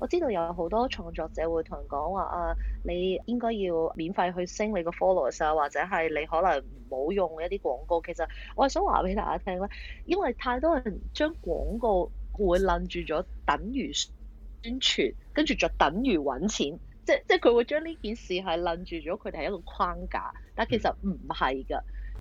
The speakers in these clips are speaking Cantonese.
我知道有好多創作者會同人講話啊，你應該要免費去升你個 followers 啊，或者係你可能唔好用一啲廣告。其實我係想話俾大家聽咧，因為太多人將廣告會愣住咗，等於宣傳，跟住就等於揾錢。即即係佢會將呢件事係愣住咗，佢哋係一個框架，但其實唔係㗎。嗯、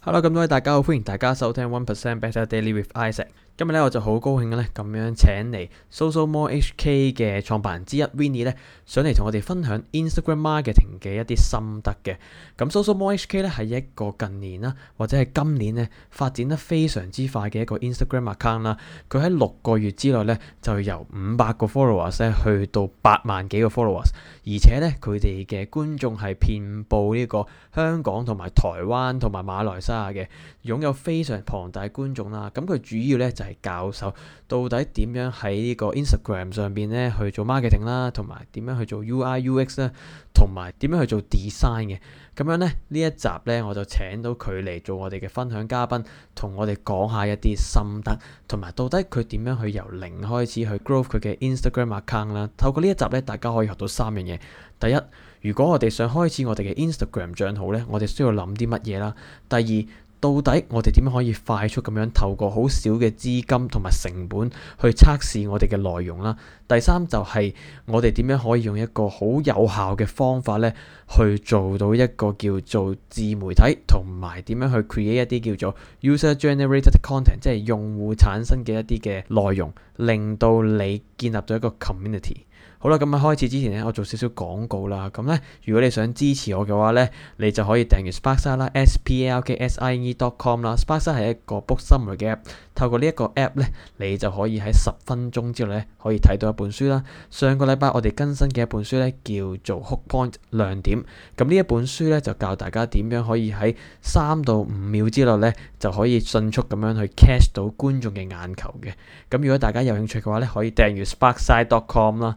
Hello，咁多位大家好，歡迎大家收聽 One Percent Better Daily with Isaac。今日咧，我就好高興咧，咁樣請嚟 Social More HK 嘅創辦人之一 Winnie 咧，上嚟同我哋分享 Instagram marketing 嘅一啲心得嘅。咁 Social More HK 咧，係一個近年啦，或者係今年咧發展得非常之快嘅一個 Instagram account 啦。佢喺六個月之內咧，就由五百個 followers 咧去到八萬幾個 followers，而且咧佢哋嘅觀眾係遍佈呢個香港同埋台灣同埋馬來西亞嘅，擁有非常龐大觀眾啦。咁佢主要咧係教授到底點樣喺呢個 Instagram 上邊咧去做 marketing 啦，同埋點樣去做 UI UX 啦，同埋點樣去做 design 嘅？咁樣咧呢一集咧，我就請到佢嚟做我哋嘅分享嘉賓，同我哋講下一啲心得，同埋到底佢點樣去由零開始去 grow 佢嘅 Instagram account 啦。透過呢一集咧，大家可以學到三樣嘢。第一，如果我哋想開始我哋嘅 Instagram 賬號咧，我哋需要諗啲乜嘢啦？第二。到底我哋點樣可以快速咁樣透過好少嘅資金同埋成本去測試我哋嘅內容啦？第三就係我哋點樣可以用一個好有效嘅方法咧，去做到一個叫做自媒體同埋點樣去 create 一啲叫做 user-generated content，即係用戶產生嘅一啲嘅內容，令到你建立咗一個 community。好啦，咁喺開始之前咧，我做少少廣告啦。咁咧，如果你想支持我嘅話咧，你就可以訂閱 SparkSine 啦，S P A R K S I N E dot com 啦。SparkSine 係一個 book summary 嘅 app，透過呢一個 app 咧，你就可以喺十分鐘之內咧，可以睇到一本書啦。上個禮拜我哋更新嘅一本書咧，叫做 Hook Point 亮點。咁呢一本書咧，就教大家點樣可以喺三到五秒之內咧，就可以迅速咁樣去 catch 到觀眾嘅眼球嘅。咁如果大家有興趣嘅話咧，可以訂閱 SparkSine dot com 啦。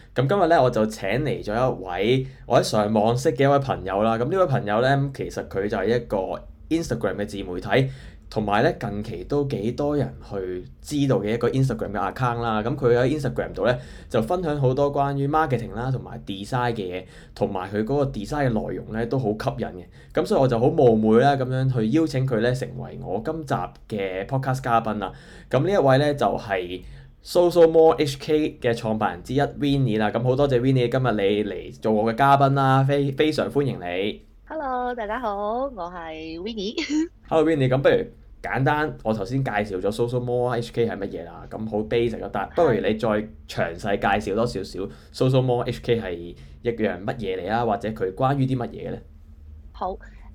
咁今日咧我就請嚟咗一位我喺上網識嘅一位朋友啦。咁呢位朋友咧，其實佢就係一個 Instagram 嘅自媒體，同埋咧近期都幾多人去知道嘅一個 Instagram 嘅 account 啦。咁佢喺 Instagram 度咧就分享好多關於 marketing 啦同埋 design 嘅嘢，同埋佢嗰個 design 嘅內容咧都好吸引嘅。咁所以我就好冒昧啦，咁樣去邀請佢咧成為我今集嘅 podcast 嘉賓啦。咁呢一位咧就係、是。SoSoMore HK 嘅創辦人之一 Winnie 啦，咁好多謝 Winnie 今日你嚟做我嘅嘉賓啦，非非常歡迎你。Hello，大家好，我係 Winnie。Hello，Winnie，咁不如簡單，我頭先介紹咗 SoSoMore HK 係乜嘢啦，咁好 basic，一但不如你再詳細介紹多少少，SoSoMore HK 係一樣乜嘢嚟啊？或者佢關於啲乜嘢咧？好。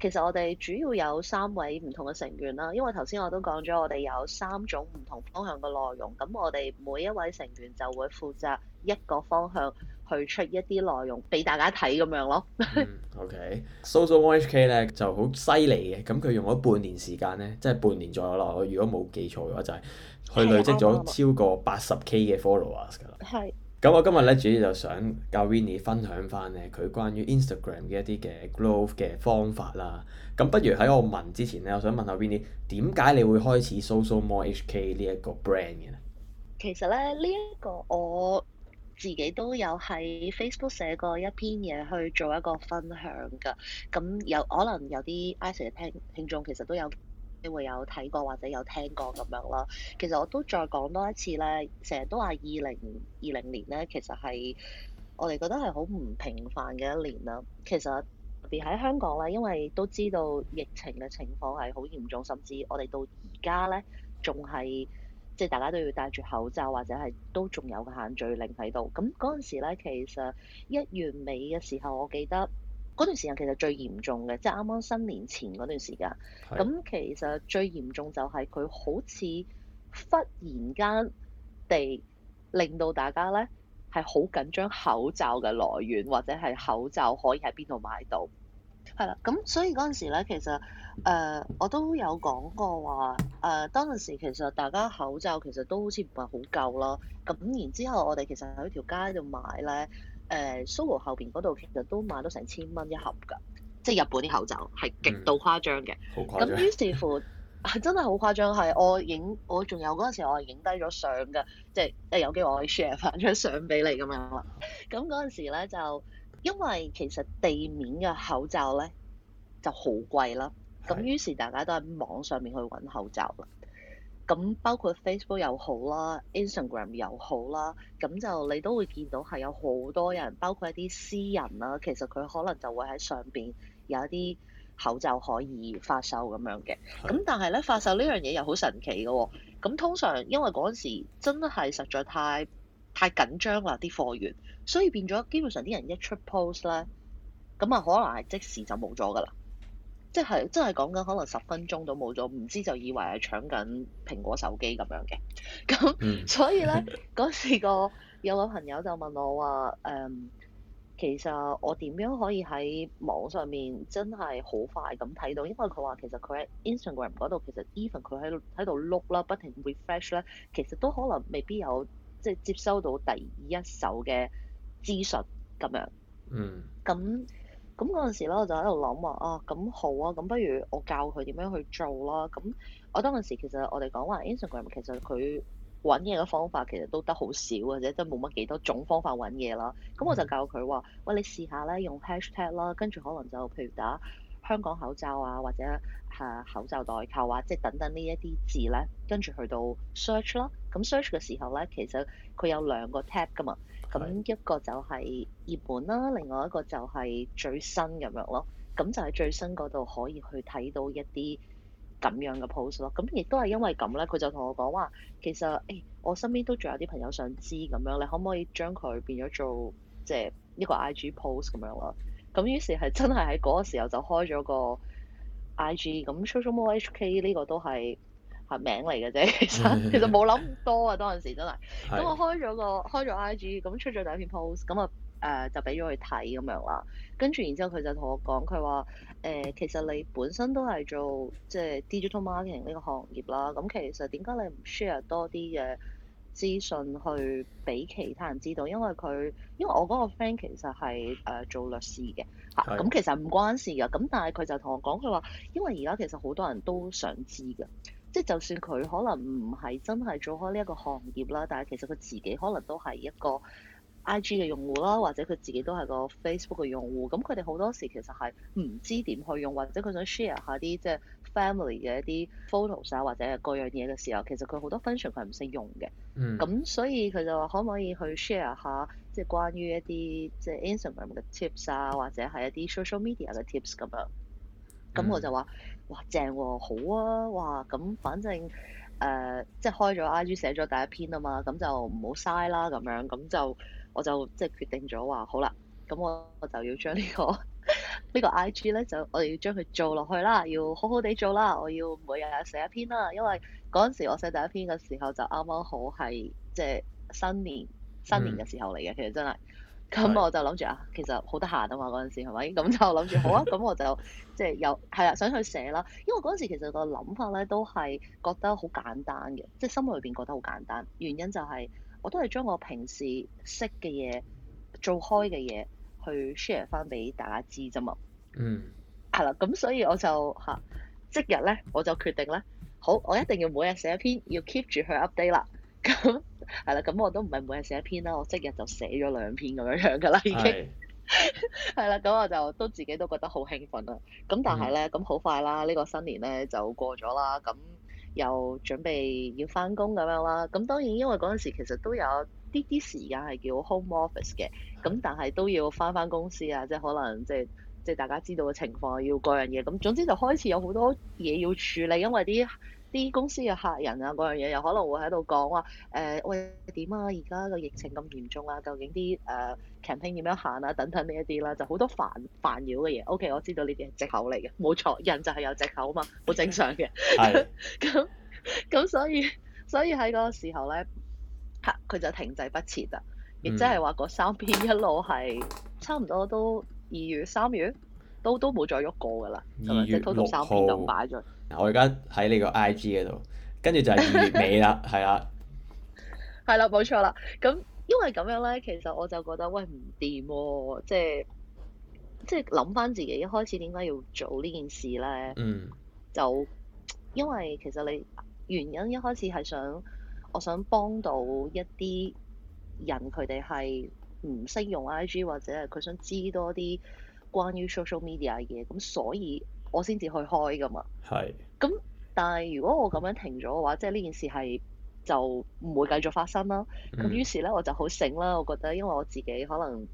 其實我哋主要有三位唔同嘅成員啦，因為頭先我都講咗，我哋有三種唔同方向嘅內容。咁我哋每一位成員就會負責一個方向去出一啲內容俾大家睇咁樣咯。嗯、OK，Social、okay. HK 咧就好犀利嘅，咁佢用咗半年時間呢，即係半年左右啦。我如果冇記錯嘅話，就係、是、佢累積咗超過八十 K 嘅 followers 噶啦。係、嗯。Okay. 咁我今日咧主要就想教 Winnie 分享翻咧佢關於 Instagram 嘅一啲嘅 growth 嘅方法啦。咁不如喺我問之前咧，我想問下 Winnie，點解你會開始、Show、Social More HK 呢一個 brand 嘅咧？其實咧，呢、這、一個我自己都有喺 Facebook 寫過一篇嘢去做一個分享㗎。咁有可能有啲 i s 嘅聽聽眾其實都有。你會有睇過或者有聽過咁樣啦。其實我都再講多一次咧，成日都話二零二零年咧，其實係我哋覺得係好唔平凡嘅一年啦。其實特別喺香港咧，因為都知道疫情嘅情況係好嚴重，甚至我哋到而家咧仲係即係大家都要戴住口罩，或者係都仲有個限聚令喺度。咁嗰陣時咧，其實一月尾嘅時候，我記得。嗰段時間其實最嚴重嘅，即係啱啱新年前嗰段時間。咁的其實最嚴重就係佢好似忽然間地令到大家呢係好緊張口罩嘅來源，或者係口罩可以喺邊度買到。係啦，咁所以嗰陣時呢，其實誒、呃、我都有講過話，誒、呃、當陣時其實大家口罩其實都好似唔係好夠啦。咁然之後我哋其實喺條街度買呢。誒蘇豪後邊嗰度其實都買到成千蚊一盒㗎，即係日本啲口罩係極度誇張嘅。嗯，好誇張！咁於是乎係真係好誇張，係我影我仲有嗰陣時我係影低咗相㗎，即係誒有機會我會 share 翻張相俾你咁樣啦。咁嗰陣時咧就因為其實地面嘅口罩咧就好貴啦，咁於是大家都喺網上面去揾口罩啦。咁包括 Facebook 又好啦，Instagram 又好啦，咁就你都會見到係有好多人，包括一啲私人啦、啊，其實佢可能就會喺上邊有一啲口罩可以發售咁樣嘅。咁但係咧發售呢樣嘢又好神奇嘅喎、哦。咁通常因為嗰陣時真係實在太太緊張啦，啲貨源，所以變咗基本上啲人一出 post 咧，咁啊可能係即時就冇咗㗎啦。即係真係講緊可能十分鐘都冇咗，唔知就以為係搶緊蘋果手機咁樣嘅。咁、嗯、所以咧，嗰 時有個有位朋友就問我話：誒、嗯，其實我點樣可以喺網上面真係好快咁睇到？因為佢話其實佢喺 Instagram 嗰度，其實 even 佢喺喺度碌啦，不停 refresh 咧，其實都可能未必有即係、就是、接收到第一手嘅資訊咁樣。嗯。咁。咁嗰陣時咧，我就喺度諗話啊，咁好啊，咁不如我教佢點樣去做啦。咁我當陣時其實我哋講話 Instagram 其實佢揾嘢嘅方法其實都得好少，或者即係冇乜幾多種方法揾嘢啦。咁我就教佢話：喂，你試下咧，用 hashtag 啦，跟住可能就譬如打香港口罩啊，或者係口罩代購啊，即係等等呢一啲字咧，跟住去到 search 啦。咁 search 嘅時候咧，其實佢有兩個 tap 㗎嘛，咁一個就係熱門啦，另外一個就係最新咁樣咯。咁就喺最新嗰度可以去睇到一啲咁樣嘅 post 咯。咁亦都係因為咁咧，佢就同我講話，其實誒、欸、我身邊都仲有啲朋友想知咁樣，你可唔可以將佢變咗做即係一個 IG post 咁樣咯？咁於是係真係喺嗰個時候就開咗個 IG。咁 socialmo HK 呢個都係。係名嚟嘅啫，其實其實冇諗咁多啊。當陣時真係咁， 我開咗個開咗 I G，咁出咗第一篇 post，咁啊誒就俾咗佢睇咁樣啦。跟住然之後，佢就同我講，佢話誒其實你本身都係做即係 digital marketing 呢個行業啦。咁其實點解你唔 share 多啲嘅資訊去俾其他人知道？因為佢因為我嗰個 friend 其實係誒、呃、做律師嘅嚇，咁的、啊、其實唔關事㗎。咁但係佢就同我講，佢話因為而家其實好多人都想知㗎。即就算佢可能唔係真係做開呢一個行業啦，但係其實佢自己可能都係一個 IG 嘅用戶啦，或者佢自己都係個 Facebook 嘅用戶。咁佢哋好多時其實係唔知點去用，或者佢想 share 下啲即係 family 嘅一啲 photos 啊，或者各樣嘢嘅時候，其實佢好多 function 佢唔識用嘅。咁、嗯、所以佢就話可唔可以去 share 下即係關於一啲即係 Instagram 嘅 tips 啊，或者係一啲 social media 嘅 tips 咁、啊、樣。咁我就話。哇！正喎、哦，好啊！哇，咁反正誒、呃，即係開咗 I G 寫咗第一篇啊嘛，咁就唔好嘥啦咁樣，咁就我就即係決定咗話好啦，咁我就要將、呢個、 呢個呢個 I G 咧，就我哋要將佢做落去啦，要好好地做啦，我要每日日寫一篇啦，因為嗰陣時我寫第一篇嘅時候就啱啱好係即係新年新年嘅時候嚟嘅，其實真係。嗯咁 我就諗住啊，其實好得閒啊嘛嗰陣時係咪？咁就諗住好啊，咁我就即係、就是、有係啦、啊，想去寫啦。因為嗰陣時其實個諗法咧都係覺得好簡單嘅，即、就、係、是、心裏邊覺得好簡單。原因就係我都係將我平時識嘅嘢做開嘅嘢去 share 翻俾大家知啫嘛。嗯。係啦，咁 所以我就嚇、啊、即日咧，我就決定咧，好，我一定要每日寫一篇，要 keep 住去 update 啦。咁。 係啦，咁我都唔係每日寫一篇啦，我即日就寫咗兩篇咁樣樣㗎啦，已經係啦，咁 我就都自己都覺得好興奮啊！咁但係咧，咁好、嗯、快啦，呢個新年咧就過咗啦，咁又準備要返工咁樣啦。咁當然因為嗰陣時其實都有啲啲時間係叫 home office 嘅，咁是但係都要返返公司啊，即係可能即係即係大家知道嘅情況要嗰樣嘢。咁總之就開始有好多嘢要處理，因為啲。啲公司嘅客人啊，嗰樣嘢又可能會喺度講話誒，喂點啊？而家個疫情咁嚴重啊，究竟啲誒、呃、campaign 點樣行啊？等等呢一啲啦，就好多煩煩擾嘅嘢。O、okay, K，我知道呢啲係藉口嚟嘅，冇錯，人就係有藉口啊嘛，好正常嘅。咁咁是 所以所以喺嗰個時候咧，嚇佢就停滯不前啊！亦即係話嗰三邊一路係差唔多都二月三月都都冇再喐過噶啦，咁即係 total 三邊都擺咗。我而家喺呢個 I G 嗰度，跟住就係二月尾啦，係啊 ，係啦，冇錯啦。咁因為咁樣咧，其實我就覺得喂唔掂喎，即係即係諗翻自己一開始點解要做呢件事咧，嗯、就因為其實你原因一開始係想我想幫到一啲人，佢哋係唔識用 I G 或者係佢想知多啲關於 social media 嘅嘢，咁所以。我先至去開噶嘛，咁是但係如果我咁樣停咗嘅話，即係呢件事係就唔會繼續發生啦。咁、嗯、於是咧，我就好醒啦。我覺得因為我自己可能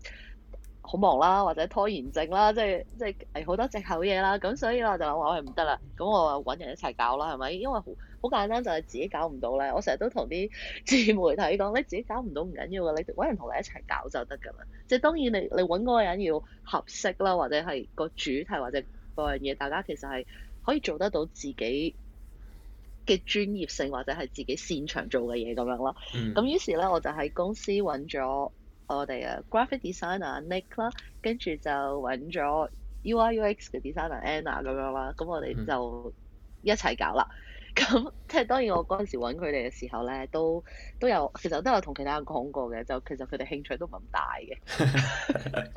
好忙啦，或者拖延症啦，即係即係誒好多借口嘢啦。咁所以我就諗話係唔得啦。咁我話揾人一齊搞啦，係咪？因為好好簡單就係自己搞唔到啦。我成日都同啲自媒體講，你自己搞唔到唔緊要㗎，你揾人同你一齊搞就得㗎啦。即係當然你你揾嗰個人要合適啦，或者係個主題或者題。嗰樣嘢，大家其實係可以做得到自己嘅專業性，或者係自己擅長做嘅嘢咁樣咯。咁、嗯、於是咧，我就喺公司揾咗我哋嘅 Graphic Designer Nick 啦，跟住就揾咗 UI UX 嘅 Designer Anna 咁樣啦。咁我哋就一齊搞啦。咁 即係當然，我嗰陣時揾佢哋嘅時候咧，都都有其實都有同其他人講過嘅，就其實佢哋興趣都唔係咁大嘅，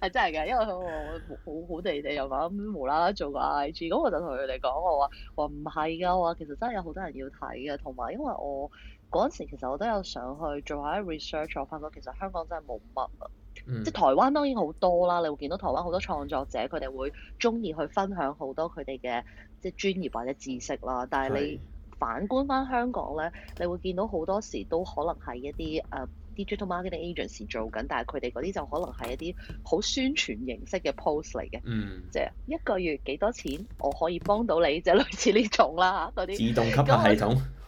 係 真係嘅，因為佢好好，好，好地地又咁無啦啦做過 I G，咁我就同佢哋講我話，話唔係㗎，我話其實真係有好多人要睇嘅，同埋因為我嗰陣時其實我都有上去做下啲 research，我發覺其實香港真係冇乜啊。嗯、即係台灣當然好多啦，你會見到台灣好多創作者，佢哋會中意去分享好多佢哋嘅即係專業或者知識啦。但係你反觀返香港咧，是你會見到好多時都可能係一啲誒、uh, digital marketing agency 做緊，但係佢哋嗰啲就可能係一啲好宣傳形式嘅 post 嚟嘅。嗯，即係一個月幾多錢？我可以幫到你，就係、類似呢種啦嚇啲、嗯、 自動吸引系統。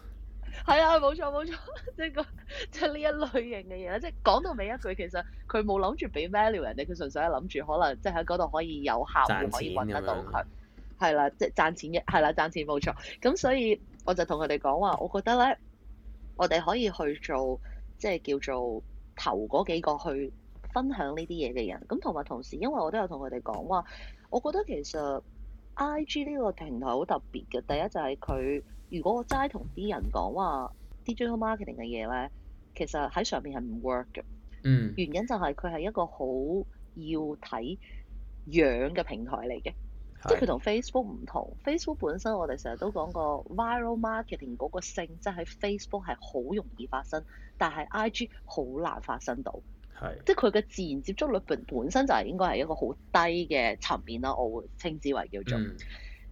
係啊，冇錯冇錯，即係個即係呢一類型嘅嘢啦。即係講到尾一句，其實佢冇諗住俾 value 人哋，佢純粹係諗住可能即係喺嗰度可以有效，可以揾得到佢，係啦，即係賺錢嘅，係啦，賺錢冇錯。咁所以我就同佢哋講話，我覺得咧，我哋可以去做即係叫做頭嗰幾個去分享呢啲嘢嘅人。咁同埋同時，因為我都有同佢哋講話，我覺得其實 IG 呢個平台好特別嘅。第一就係佢。如果我齋同啲人講話 digital marketing 嘅嘢咧，其實喺上邊係唔 work 嘅。嗯，原因就係佢係一個好要睇樣嘅平台嚟嘅，是即係佢同 Facebook 唔同。是 Facebook 本身我哋成日都講過 viral marketing 嗰個性質，即喺 Facebook 係好容易發生，但係 IG 好難發生到。係是，即係佢嘅自然接觸率本本身就係應該係一個好低嘅層面啦。我會稱之為叫做。嗯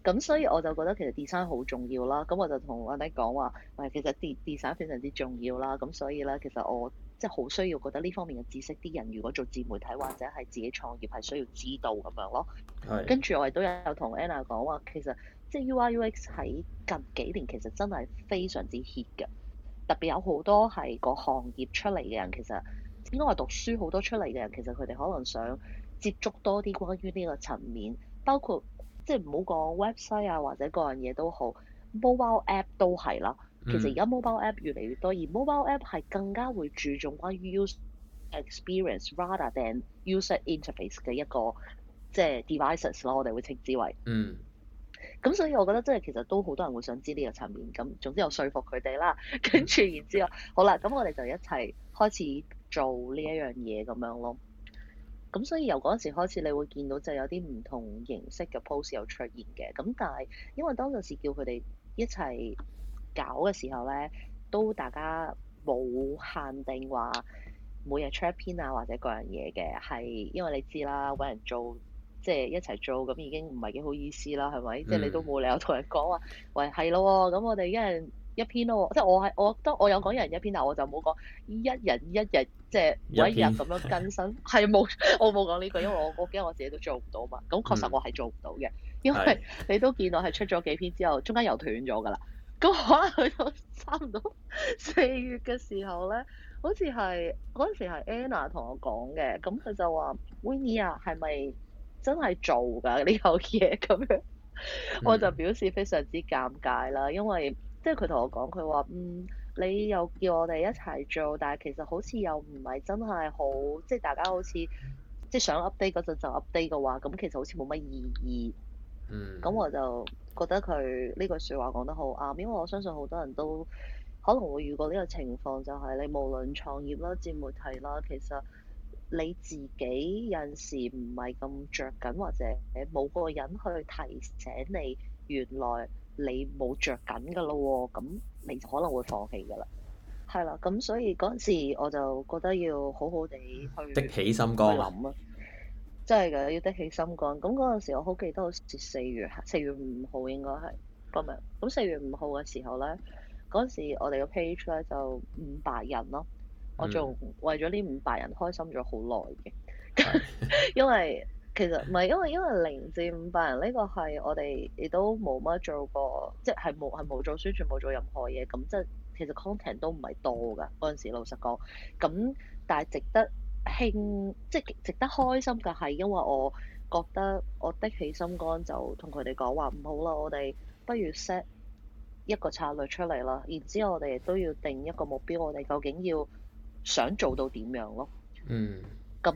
咁所以我就覺得其實 design 好重要啦。咁我就同阿 Nick 講話，其實 design 非常之重要啦。咁所以咧，其實我即係好需要覺得呢方面嘅知識。啲人如果做自媒體或者係自己創業，係需要知道咁樣咯。係是。跟住我亦都有同 Anna 講話，其實即係 U I U X 喺近幾年其實真係非常之 hit 㗎。特別有好多係個行業出嚟嘅人，其實應該話讀書好多出嚟嘅人，其實佢哋可能想接觸多啲關於呢個層面，包括。即係唔好講 website 啊，或者各樣嘢都好，mobile app 都係啦。其實而家 mobile app 越嚟越多，而 mobile app 係更加會注重關於 user experience rather than user interface 嘅一個即係 devices 咯，我哋會稱之為。嗯。咁所以，我覺得真係其實都好多人會想知呢個層面。咁總之，有說服佢哋啦，跟住然之後， 好啦，咁我哋就一齊開始做呢一樣嘢咁樣咯。咁所以由嗰時開始，你會見到就有啲唔同形式嘅 post 有出現嘅。咁但係因為當陣時叫佢哋一齊搞嘅時候咧，都大家冇限定話每日出一篇啊，或者各樣嘢嘅。係因為你知啦，搵人做即係一齊做，咁已經唔係幾好意思啦，係咪？即係、嗯、你都冇理由同人講話，喂係咯喎，咁我哋一人一篇咯喎，即係我係我當我有講一人一篇，但我就冇講一人一日。即係每一日咁樣更新，係冇我冇講呢句，因為我我驚我自己都做唔到嘛。咁確實我係做唔到嘅，因為你都見到係出咗幾篇之後，中間又斷咗㗎啦。咁可能喺差唔多四月嘅時候咧，好似係嗰陣時係 Anna 同我講嘅，咁佢就話 Winnie 啊，係咪真係做㗎呢個嘢咁樣？ 我就表示非常之尷尬啦，因為即係佢同我講，佢話嗯。你又叫我哋一齊做，但係其實好似又唔係真係好，即係大家好似即係想 update 嗰陣就 update 嘅話，咁其實好似冇乜意義。嗯。咁我就覺得佢呢句説話講得好啱，因為我相信好多人都可能會遇過呢個情況，就係、是、你無論創業啦、節目提啦，其實你自己有陣時唔係咁着緊或者冇嗰個人去提醒你原來。你冇着緊嘅咯喎，咁你就可能會放棄嘅啦。係啦，咁所以嗰陣時我就覺得要好好地去，得起心肝諗啊，啊。真係嘅，要得起心肝。咁嗰陣時我好記得好似四月，四月五號應該係，咁樣、嗯。咁四月五號嘅時候咧，嗰陣時我哋個 page 咧就五百人咯。嗯、我仲為咗呢五百人開心咗好耐嘅，的 因為。其實唔係，因為因為零至五百人呢個係我哋亦都冇乜做過，即係冇係冇做宣傳，冇做任何嘢，咁即係其實 content 都唔係多㗎嗰陣時，老實講。咁但係值得興，即係值得開心嘅係，因為我覺得我的起心肝就同佢哋講話，唔好啦，我哋不如 set 一個策略出嚟啦，然之後我哋亦都要定一個目標，我哋究竟要想做到點樣咯？嗯，咁。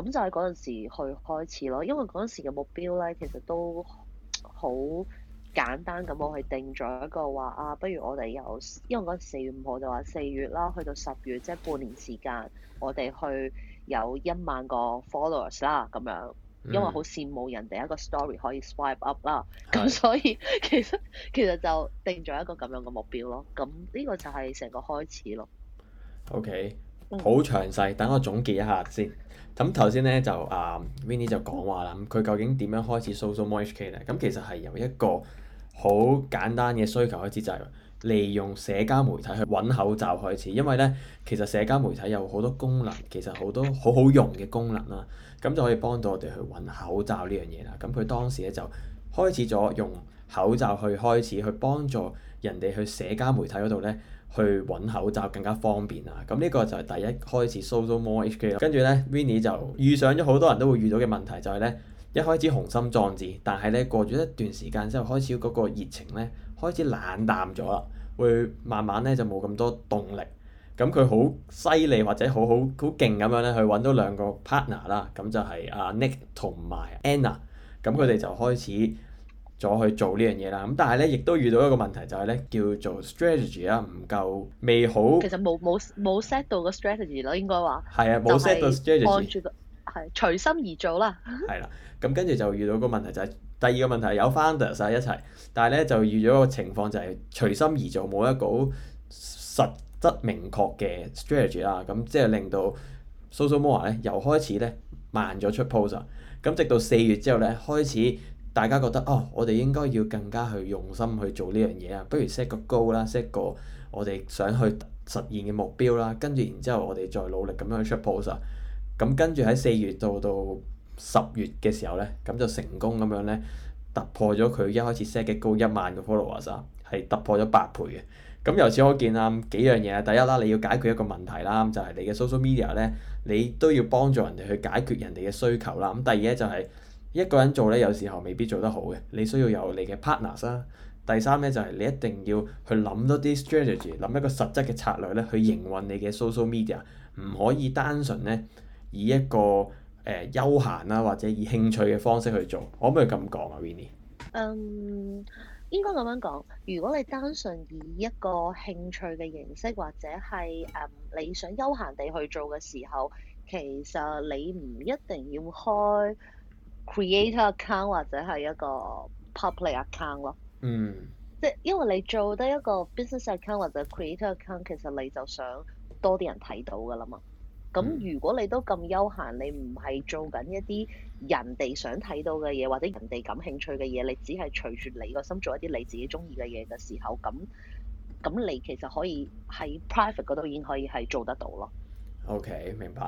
咁就係嗰陣時去開始咯，因為嗰陣時嘅目標咧，其實都好簡單。咁我係定咗一個話啊，不如我哋有，因為嗰陣四月五號就話四月啦，去到十月即係、就是、半年時間，我哋去有一萬個 followers 啦。咁樣因為好羨慕人哋一個 story 可以 swipe up 啦，咁、嗯、所以是的 其實其實就定咗一個咁樣嘅目標咯。咁呢個就係成個開始咯 okay，嗯。OK，好詳細，等我總結一下先。咁頭先咧就啊 Winnie 就講話啦，咁佢究竟點樣開始 social moisture 咧？咁其實係由一個好簡單嘅需求開始，就係利用社交媒體去揾口罩開始。因為咧，其實社交媒體有好多功能，其實好多好好用嘅功能啦，咁就可以幫到我哋去揾口罩呢樣嘢啦。咁佢當時咧就開始咗用。口罩去開始去幫助人哋去社交媒體嗰度咧，去揾口罩更加方便啊！咁、這、呢個就係第一開始 Soso more HK 跟住呢 Winnie 就遇上咗好多人都會遇到嘅問題就，就係呢一開始雄心壯志，但係呢過咗一段時間之後，開始嗰個熱情呢，開始冷淡咗啦，會慢慢呢就冇咁多動力。咁佢好犀利或者好好好勁咁樣呢，去揾到兩個 partner 啦，咁就係阿 Nick 同埋 Anna，咁佢哋就開始。咗去做呢樣嘢啦，咁但係咧亦都遇到一個問題就呢，就係咧叫做 strategy 啦，唔夠未好。其實冇冇冇 set 到個 strategy 咯，應該話。係啊，冇 set 到 strategy。係隨心而做啦。係 啦、啊，咁跟住就遇到個問題就係、是、第二個問題有 founders 喺一齊，但係咧就遇咗個情況就係、是、隨心而做，冇一個實質明確嘅 strategy 啦，咁、嗯、即係令到 Sushma 咧又開始咧慢咗出 post 啊，咁直到四月之後咧開始。大家覺得哦，我哋應該要更加去用心去做呢樣嘢啊！不如 set 個 goal 啦，set 個我哋想去實現嘅目標啦。跟住然之後，我哋再努力咁樣去出 post 啊。咁跟住喺四月到到十月嘅時候咧，咁就成功咁樣咧突破咗佢一開始 set 嘅高一萬個 goal, 100, followers 啊，係突破咗八倍嘅。咁由此可見啊，幾樣嘢啊，第一啦，你要解決一個問題啦，就係、是、你嘅 social media 咧，你都要幫助人哋去解決人哋嘅需求啦。咁第二咧就係、是。一個人做咧，有時候未必做得好嘅。你需要有你嘅 partners 啦、啊。第三咧就係、是、你一定要去諗多啲 strategy，諗一個實質嘅策略咧去營運你嘅 social media，唔可以單純咧以一個誒、呃、休閒啦、啊、或者以興趣嘅方式去做。可唔可以咁講啊，Vinny？嗯，um, 應該咁樣講。如果你單純以一個興趣嘅形式或者係誒、um, 你想休閒地去做嘅時候，其實你唔一定要開。Creator account 或者係一個 public account 咯，嗯，即係因為你做得一個 business account 或者 creator account，其實你就想多啲人睇到㗎喇嘛。咁、嗯、如果你都咁悠閒，你唔係做緊一啲人哋想睇到嘅嘢，或者人哋感興趣嘅嘢，你只係隨住你個心做一啲你自己鍾意嘅嘢嘅時候，咁咁你其實可以喺 private 嗰度已經可以係做得到咯。OK，明白。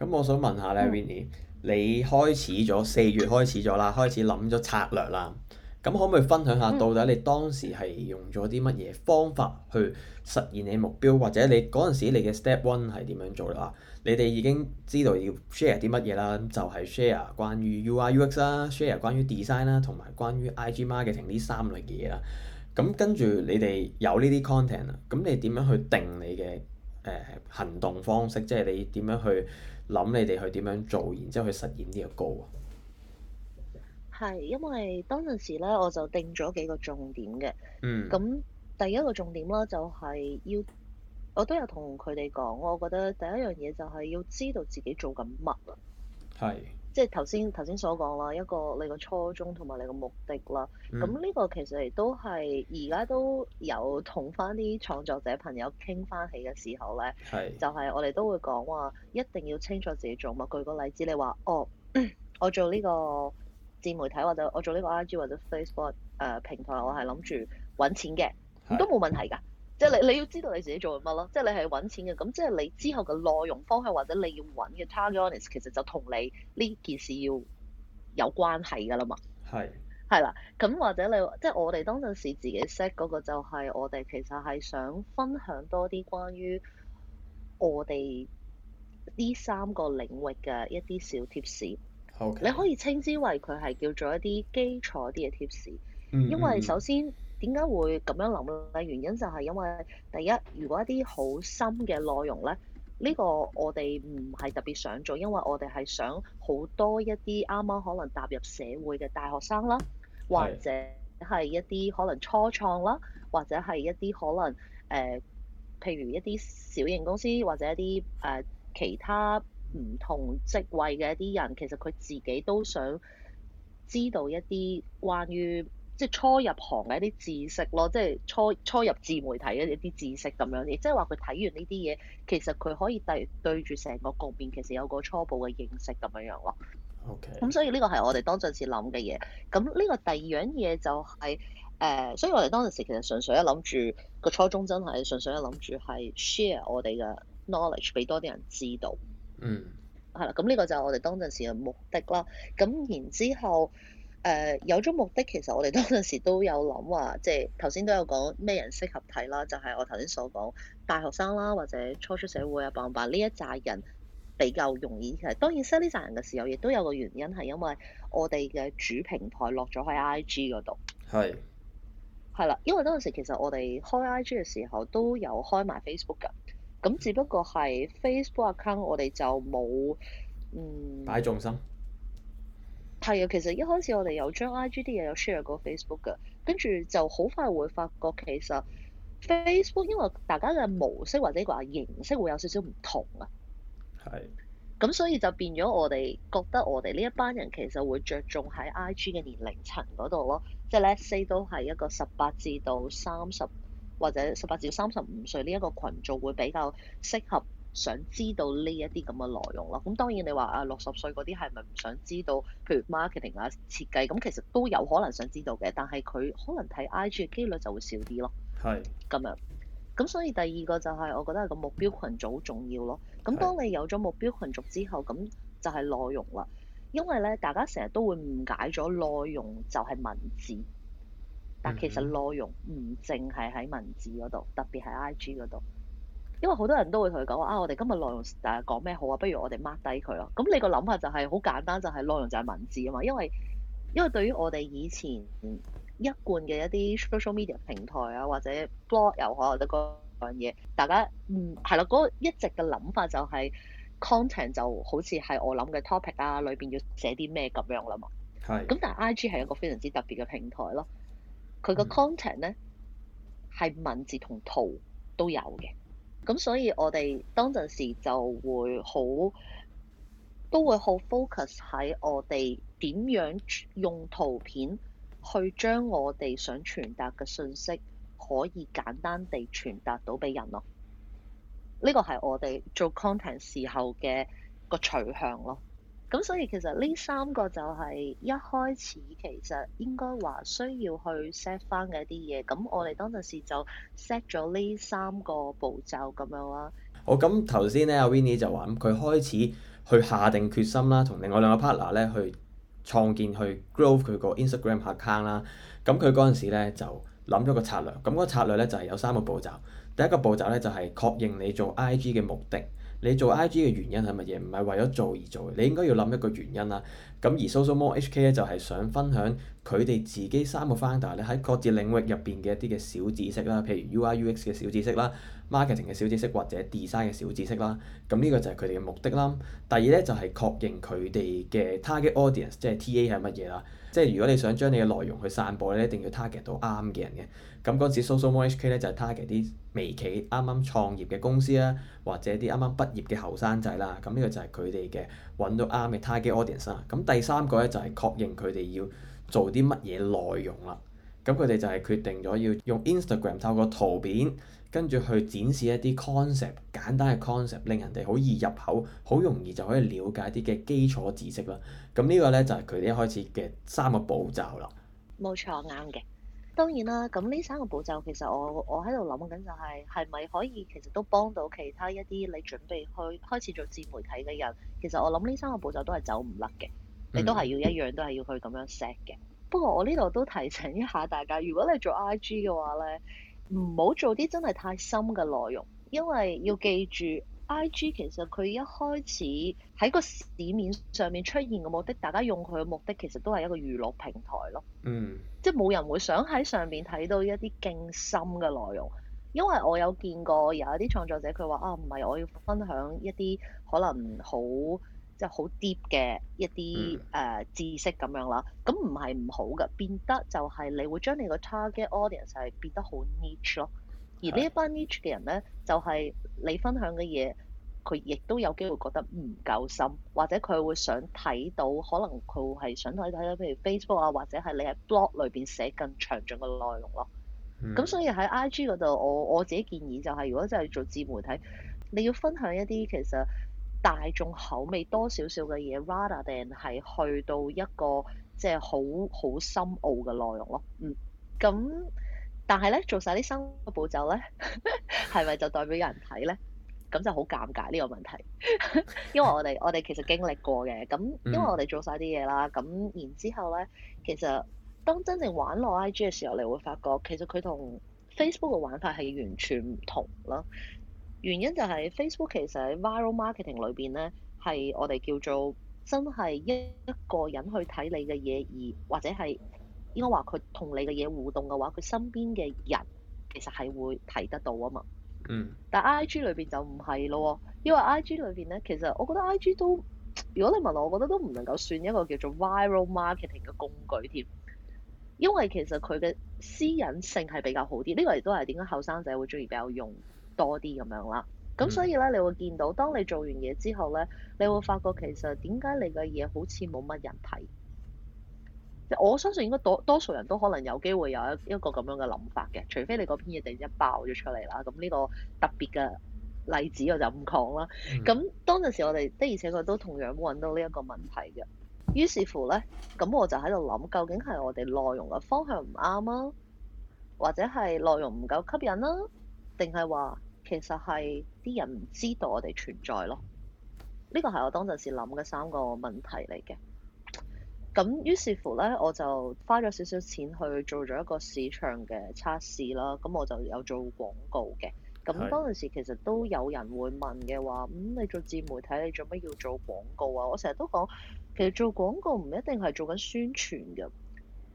咁我想問下呢，Vinny。嗯你開始咗四月開始咗啦，開始諗咗策略啦。咁可唔可以分享下，到底你當時係用咗啲乜嘢方法去實現你目標，或者你嗰陣時你嘅 step one 係點樣做啦？你哋已經知道要 share 啲乜嘢啦，就係、是、share 關於 UI/UX 啦，share 關於 design 啦，同埋關於 IG marketing 呢三類嘅嘢啦。咁跟住你哋有呢啲 content 啦，咁你點樣去定你嘅誒、呃、行動方式？即係你點樣去？諗你哋去點樣做，然之後去實現呢個高。啊？係，因為當陣時咧，我就定咗幾個重點嘅。嗯。咁第一個重點啦，就係要我都有同佢哋講，我覺得第一樣嘢就係要知道自己做緊乜啊。係。即係頭先頭先所講啦，一個你個初衷同埋你個目的啦。咁呢、嗯、個其實亦都係而家都有同翻啲創作者朋友傾翻起嘅時候咧，是就係我哋都會講話一定要清楚自己做乜。舉個例子，你話哦， 我做呢個自媒體或者我做呢個 IG 或者 Facebook 誒、呃、平台，我係諗住揾錢嘅，咁是都冇問題㗎。即係你你要知道你自己做緊乜咯，即係你係揾錢嘅，咁即係你之後嘅內容方向或者你要揾嘅 target audience 其實就同你呢件事要有關係㗎啦嘛。係是。係啦，咁或者你即係我哋當陣時自己 set 嗰個就係我哋其實係想分享多啲關於我哋呢三個領域嘅一啲小貼士。OK。你可以稱之為佢係叫做一啲基礎啲嘅貼士，因為首先。嗯嗯點解會咁樣諗咧？原因就係因為第一，如果一啲好深嘅內容呢，呢個我哋唔係特別想做，因為我哋係想好多一啲啱啱可能踏入社會嘅大學生啦，或者係一啲可能初創啦，或者係一啲可能誒，譬如一啲小型公司或者一啲誒其他唔同職位嘅一啲人，其實佢自己都想知道一啲關於。即係初入行嘅一啲知識咯，即係初初入自媒體嘅一啲知識咁樣，亦即係話佢睇完呢啲嘢，其實佢可以對對住成個局面其實有個初步嘅認識咁樣樣咯。OK。咁所以呢個係我哋當陣時諗嘅嘢。咁呢個第二樣嘢就係、是、誒、呃，所以我哋當陣時其實純粹一諗住個初衷真係純粹一諗住係 share 我哋嘅 knowledge 俾多啲人知道。嗯、mm.。係啦，咁呢個就係我哋當陣時嘅目的啦。咁然之後，誒、呃、有咗目的，其實我哋嗰陣時都有諗話，即係頭先都有講咩人適合睇啦，就係、是、我頭先所講大學生啦，或者初出社會啊、傍伴呢一扎人比較容易其實。當然收呢扎人嘅時候，亦都有個原因係因為我哋嘅主平台落咗喺 IG 嗰度。係，係啦，因為嗰陣時其實我哋開 IG 嘅時候都有開埋 Facebook 㗎，咁只不過係 Facebook account 我哋就冇嗯擺重心。係啊，其實一開始我哋有將 IG 啲嘢有 share 過 Facebook 嘅，跟住就好快就會發覺其實 Facebook 因為大家嘅模式或者話形式會有少少唔同啊。係的。咁所以就變咗我哋覺得我哋呢一班人其實會着重喺 IG 嘅年齡層嗰度咯，即係 let's say 都係一個十八至到三十或者十八至到三十五歲呢一個群眾會比較適合。想知道呢一啲咁嘅內容啦，咁當然你話啊六十歲嗰啲係咪唔想知道？譬如 Marketing 啊、設計，咁其實都有可能想知道嘅，但係佢可能睇 IG 嘅機率就會少啲咯。係咁是樣，咁所以第二個就係我覺得個目標群組好重要咯。咁當你有咗目標群組之後，咁是就係內容啦。因為咧，大家成日都會誤解咗內容就係文字，但其實內容唔淨係喺文字嗰度，特別係 IG 嗰度。因為好多人都會同佢講啊，我哋今日內容誒講咩好啊？不如我哋 mark 低佢咯。咁你個諗法就係、是、好簡單，就係、是、內容就係文字啊嘛。因為因為對於我哋以前一貫嘅一啲 social media 平台啊，或者 blog 又好，或者嗰樣嘢，大家嗯係啦，嗰一直嘅諗法就係、是、content 就好似係我諗嘅 topic 啊，裏邊要寫啲咩咁樣啦嘛。係咁是，但係 IG 係一個非常之特別嘅平台咯。佢個 content 咧係、嗯、文字同圖都有嘅。咁所以，我哋當陣時就會好，都會好 focus 喺我哋點樣用圖片去將我哋想傳達嘅信息可以簡單地傳達到俾人咯。呢個係我哋做 content 時候嘅個取向咯。咁所以其實呢三個就係一開始其實應該話需要去 set 翻嘅一啲嘢，咁我哋當陣時就 set 咗呢三個步驟咁樣啦。好，咁頭先咧，阿 Winnie 就話佢開始去下定決心啦，同另外兩個 partner 咧去創建去 grow 佢個 Instagram account 啦。咁佢嗰陣時咧就諗咗個策略，咁個策略咧就係有三個步驟。第一個步驟咧就係確認你做 IG 嘅目的。你做 IG 嘅原因係乜嘢？唔係為咗做而做嘅，你應該要諗一個原因啦。咁而 Social m 搜搜摩 HK 咧就係想分享佢哋自己三個 founder 咧喺各自領域入邊嘅一啲嘅小知識啦，譬如 UI/UX 嘅小知識啦、marketing 嘅小知識或者 design 嘅小知識啦。咁呢個就係佢哋嘅目的啦。第二咧就係確認佢哋嘅 target audience，即係 TA 係乜嘢啦。即係如果你想將你嘅內容去散播，咧，一定要 target 到啱嘅人嘅。咁嗰時 SoSoMo HK 咧就係、是、target 啲微企、啱啱創業嘅公司啊，或者啲啱啱畢業嘅後生仔啦。咁呢個就係佢哋嘅揾到啱嘅 target audience 啦。咁第三個咧就係、是、確認佢哋要做啲乜嘢內容啦。咁佢哋就係決定咗要用 Instagram 透過圖片。跟住去展示一啲 concept 簡單嘅 concept，令人哋好易入口，好容易就可以了解啲嘅基礎知識啦。咁呢個呢，就係佢哋一開始嘅三個步驟啦。冇錯，啱嘅。當然啦，咁呢三個步驟其實我我喺度諗緊就係係咪可以其實都幫到其他一啲你準備去開始做自媒體嘅人。其實我諗呢三個步驟都係走唔甩嘅，你都係要一樣都係要去咁樣 set 嘅。嗯、不過我呢度都提醒一下大家，如果你做 IG 嘅話呢。唔好做啲真係太深嘅內容，因為要記住，IG 其實佢一開始喺個市面上面出現嘅目的，大家用佢嘅目的其實都係一個娛樂平台咯。嗯，即係冇人會想喺上面睇到一啲更深嘅內容，因為我有見過有一啲創作者佢話啊，唔係我要分享一啲可能好就好 deep 嘅一啲誒、嗯呃、知識咁樣啦，咁唔係唔好嘅，變得就係你會將你個 target audience 係變得好 niche 咯，而一呢一班 niche 嘅人咧，是就係你分享嘅嘢，佢亦都有機會覺得唔夠深，或者佢會想睇到，可能佢會係想睇睇到，譬如 Facebook 啊，或者係你喺 blog 裏邊寫更詳盡嘅內容咯。咁、嗯、所以喺 IG 嗰度，我我自己建議就係、是，如果真係做自媒體，你要分享一啲其實。大眾口味多少少嘅嘢，rather than 係去到一個即係好好深奧嘅內容咯。嗯，咁但係咧做晒啲新嘅步驟咧，係 咪就代表有人睇咧？咁就好尷尬呢個問題， 因為我哋我哋其實經歷過嘅，咁因為我哋做晒啲嘢啦，咁然之後咧，其實當真正玩落 IG 嘅時候，你會發覺其實佢同 Facebook 嘅玩法係完全唔同囉。原因就係 Facebook 其實喺 viral marketing 裏邊咧，係我哋叫做真係一個人去睇你嘅嘢，而或者係應該話佢同你嘅嘢互動嘅話，佢身邊嘅人其實係會睇得到啊嘛。嗯。但 IG 裏邊就唔係咯，因為 IG 裏邊咧，其實我覺得 IG 都如果你問我，我覺得都唔能夠算一個叫做 viral marketing 嘅工具添，因為其實佢嘅私隱性係比較好啲。呢個亦都係點解後生仔會鍾意比較用。多啲咁樣啦，咁所以咧，你會見到，當你做完嘢之後咧，你會發覺其實點解你嘅嘢好似冇乜人睇？我相信應該多多數人都可能有機會有一一個咁樣嘅諗法嘅，除非你嗰篇嘢突然間爆咗出嚟啦，咁呢個特別嘅例子我就唔講啦。咁當陣時我哋的而且確都同樣揾到呢一個問題嘅，於是乎咧，咁我就喺度諗，究竟係我哋內容嘅方向唔啱啊，或者係內容唔夠吸引啊，定係話，其實係啲人唔知道我哋存在咯，呢個係我當陣時諗嘅三個問題嚟嘅。咁於是乎呢，我就花咗少少錢去做咗一個市場嘅測試啦。咁我就有做廣告嘅。咁當陣時其實都有人會問嘅話，咁是、嗯、你做自媒體，你做乜要做廣告啊？我成日都講，其實做廣告唔一定係做緊宣傳嘅，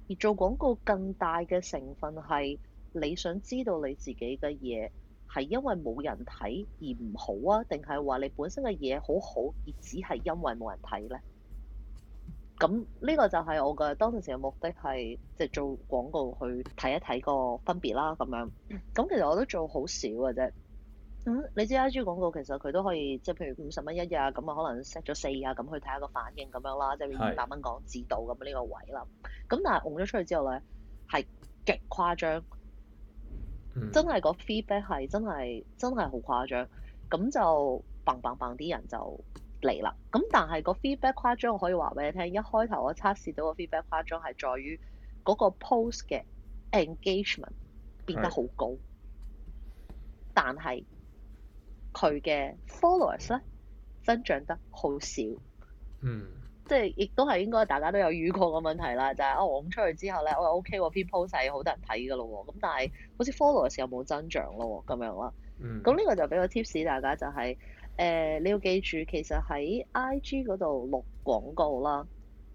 而做廣告更大嘅成分係你想知道你自己嘅嘢。係因為冇人睇而唔好啊，定係話你本身嘅嘢好好而只係因為冇人睇咧？咁呢個就係我嘅當時嘅目的，係即係做廣告去睇一睇個分別啦。咁樣咁其實我都做好少嘅啫、嗯。你知 I G 廣告其實佢都可以即係譬如五十蚊一日咁啊，可能 set 咗四日咁去睇下個反應咁樣，樣、即係樣呢個、啦，即係二百蚊港紙度咁呢個位啦。咁但係紅咗出去之後咧，係極誇張。嗯、真係個 feedback 係真係真係好誇張，咁就砰砰砰啲人就嚟啦。咁但係個 feedback 誇張我可以話俾你聽，一開頭我測試到個 feedback 誇張係在於嗰個 post 嘅 engagement 變得好高，是但係佢嘅 followers 咧，增長得好少。嗯。即係亦都係應該大家都有遇過嘅問題啦，就係我掹出去之後咧，我話 O K 喎，okay, 篇 post 係好多人睇噶咯喎，咁但係好似 follow 嘅時候冇增長咯，咁樣啦。咁呢、嗯、個就俾個 tips 大家提示就係、是、誒、呃、你要記住，其實喺 IG 嗰度錄廣告啦，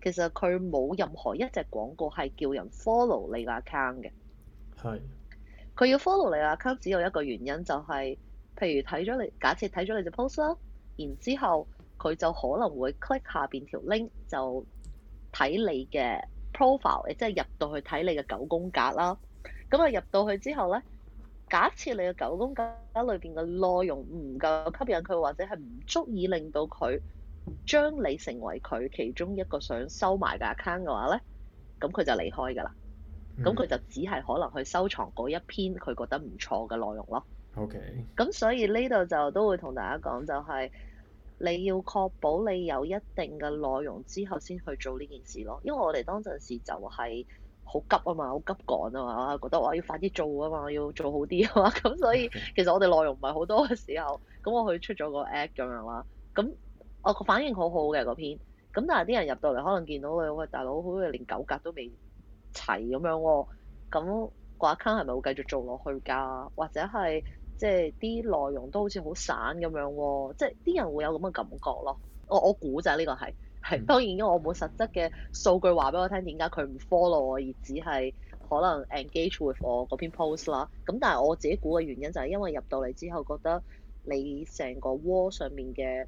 其實佢冇任何一隻廣告係叫人 follow 你個 account 嘅。係是。佢要 follow 你個 account 只有一個原因就係、是，譬如睇咗你，假設睇咗你隻 post 啦，然之後。佢就可能會 click 下邊條 link，就睇你嘅 profile，即係入到去睇你嘅九宮格啦。咁啊入到去之後呢，假設你嘅九宮格裏邊嘅內容唔夠吸引佢，或者係唔足以令到佢將你成為佢其中一個想收埋嘅 account 嘅話呢，咁佢就離開㗎啦。咁佢就只係可能去收藏嗰一篇佢覺得唔錯嘅內容咯。OK。咁所以呢度就都會同大家講，就是，就係。你要確保你有一定嘅內容之後先去做呢件事咯，因為我哋當陣時就係好急啊嘛，好急趕啊嘛，覺得我要快啲做啊嘛，要做好啲啊嘛，咁 所以其實我哋內容唔係好多嘅時候，咁我去出咗個 app 咁樣啦，咁我個反應好好嘅嗰篇，咁但係啲人入到嚟可能見到佢喂，大佬，好似連九格都未齊咁樣喎，咁個 account 係咪會繼續做落去㗎？或者係？即係啲內容都好似好散咁樣喎，即係啲人會有咁嘅感覺咯。我我估就呢個係係當然，因為我冇實質嘅數據話俾我聽點解佢唔 follow 我而只係可能 engage with 我嗰篇 post 啦。咁但係我自己估嘅原因就係因為入到嚟之後覺得你成個 wall 上面嘅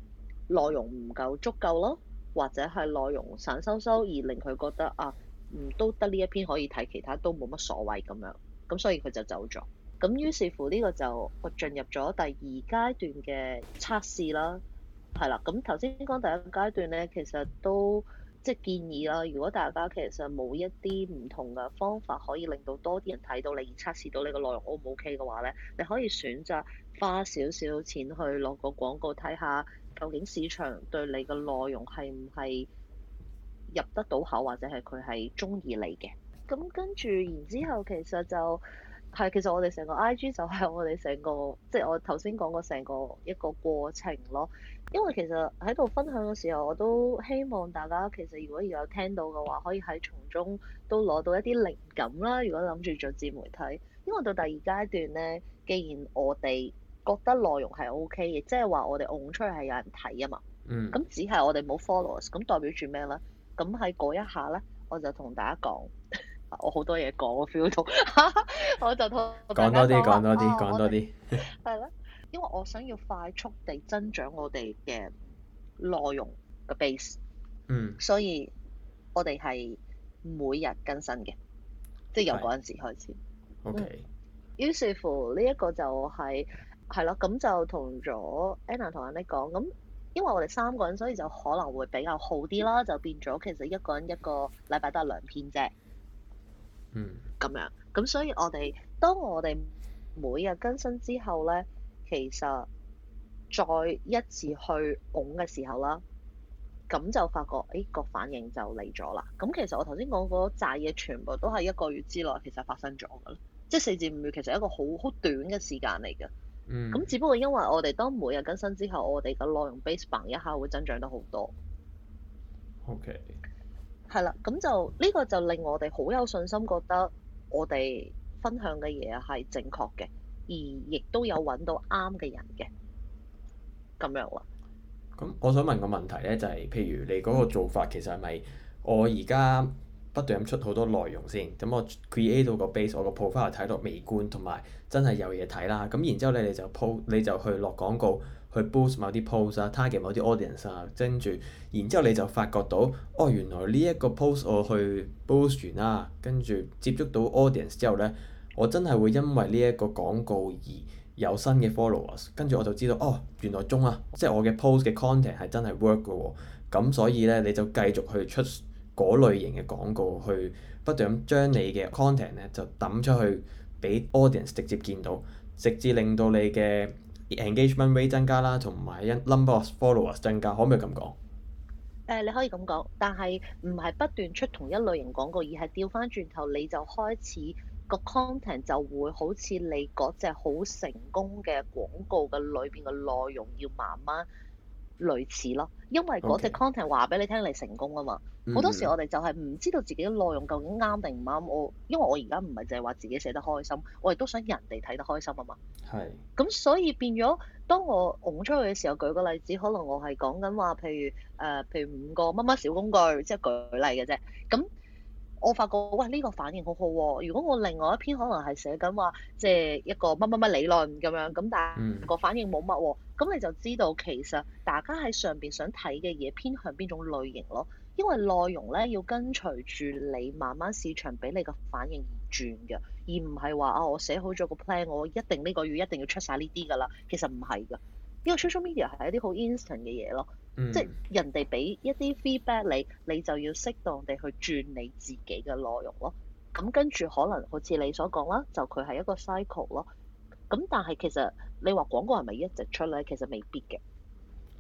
內容唔夠足夠咯，或者係內容散收收而令佢覺得啊，嗯都得呢一篇可以睇，其他都冇乜所謂咁樣，咁所以佢就走咗。咁於是乎呢個就我進入咗第二階段嘅測試啦，係啦。咁頭先講第一階段呢，其實都即係建議啦。如果大家其實冇一啲唔同嘅方法可以令到多啲人睇到你，而測試到你個內容 O 唔 O K 嘅話呢，你可以選擇花少少錢去攞個廣告睇下，究竟市場對你個內容係唔係入得到口，或者係佢係鍾意你嘅。咁跟住然之後，其實就係，其實我哋成個 IG 就係我哋成個，即係我頭先講過成個一個過程咯。因為其實喺度分享嘅時候，我都希望大家其實如果要有聽到嘅話，可以喺從中都攞到一啲靈感啦。如果諗住做自媒體，因為到第二階段咧，既然我哋覺得內容係 OK 嘅，即係話我哋掹出去係有人睇啊嘛。嗯。咁只係我哋冇 followers，咁代表住咩咧？咁喺嗰一下咧，我就同大家講。我好多嘢講，我 feel 到， 我就同講多啲，講多啲，講、啊、多啲，係咯們， 因為我想要快速地增長我哋嘅內容嘅 base，嗯，所以我哋係每日更新嘅，即係是由嗰陣時開始，OK、嗯、於是乎呢一個就係係咯，咁就同咗 Anna 同 Andy 講，咁因為我哋三個人，所以就可能會比較好啲啦，嗯、就變咗其實一個人一個禮拜得兩篇啫。嗯，咁樣，咁所以我哋當我哋每日更新之後咧，其實再一次去拱嘅時候啦，咁就發覺，誒、欸、個反應就嚟咗啦。咁其實我頭先講嗰扎嘢，全部都係一個月之內其實發生咗噶啦，即係四至五月，其實一個好好短嘅時間嚟嘅。嗯。咁只不過因為我哋當每日更新之後，我哋嘅內容 base 一下會增長得好多。OK。係啦，咁就呢、這個就令我哋好有信心，覺得我哋分享嘅嘢係正確嘅，而亦都有揾到啱嘅人嘅，咁樣喎。咁我想問個問題咧，就係、是、譬如你嗰個做法，其實係咪我而家不斷咁出好多內容先，咁我 create 到個 base，我個 profile 睇到美觀同埋真係有嘢睇啦。咁然之後你哋就 p 你就去落廣告。去 boost 某啲 post 啊，target 某啲 audience 啊，跟住，然之後你就發覺到哦，原來呢一個 post 我去 boost 完啦，跟住接觸到 audience 之後呢，我真係會因為呢一個廣告而有新嘅 followers，跟住我就知道哦，原來中啊，即係我嘅 post 嘅 content 係真係 work 㗎喎、哦。咁所以呢，你就繼續去出嗰類型嘅廣告，去不斷咁將你嘅 content 呢就揼出去俾 audience 直接見到，直至令到你嘅。Engagement rate 增加啦，同埋一 number of followers 增加，可唔可以咁講？誒，你可以咁講，但係唔係不斷出同一類型廣告，而係調翻轉頭，你就開始個 content 就會好似你嗰隻好成功嘅廣告嘅裏邊嘅內容，要慢慢。類似咯，因為嗰隻 content 話俾 Okay. 你聽你成功啊嘛，好、mm hmm. 多時我哋就係唔知道自己內容究竟啱定唔啱，我因為我而家唔係淨係話自己寫得開心，我亦都想人哋睇得開心啊嘛。係、mm。咁、hmm. 所以變咗，當我拱出去嘅時候，舉個例子，可能我係講緊話，譬如誒、呃，譬如五個乜乜小工具，即、就、係、是、舉例嘅啫。咁我發覺喂呢個反應好好喎，如果我另外一篇可能係寫緊話即係一個乜乜乜理論咁樣，咁但係個反應冇乜喎，咁你就知道其實大家喺上邊想睇嘅嘢偏向邊種類型咯，因為內容咧要跟隨住你慢慢市場俾你個反應而轉嘅，而唔係話啊我寫好咗個 plan，我一定呢個月一定要出晒呢啲㗎啦，其實唔係㗎，因為 social media 係一啲好 instant 嘅嘢咯。即係人哋俾一啲 feedback 你，你就要適當地去轉你自己嘅內容咯。咁、嗯、跟住可能好似你所講啦，就佢係一個 cycle 咯。咁、嗯、但係其實你話廣告係咪一直出咧？其實未必嘅。